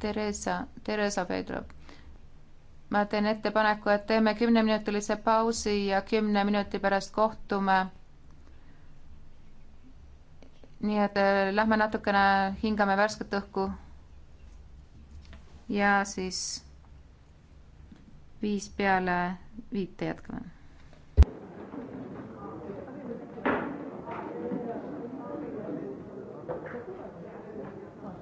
Theresa, Theresa Vee tuleb. ma teen ettepaneku, et teeme kümneminutilise pausi ja kümne minuti pärast kohtume. nii et äh, lähme natukene hingame värsket õhku. ja siis viis peale viite jätkame.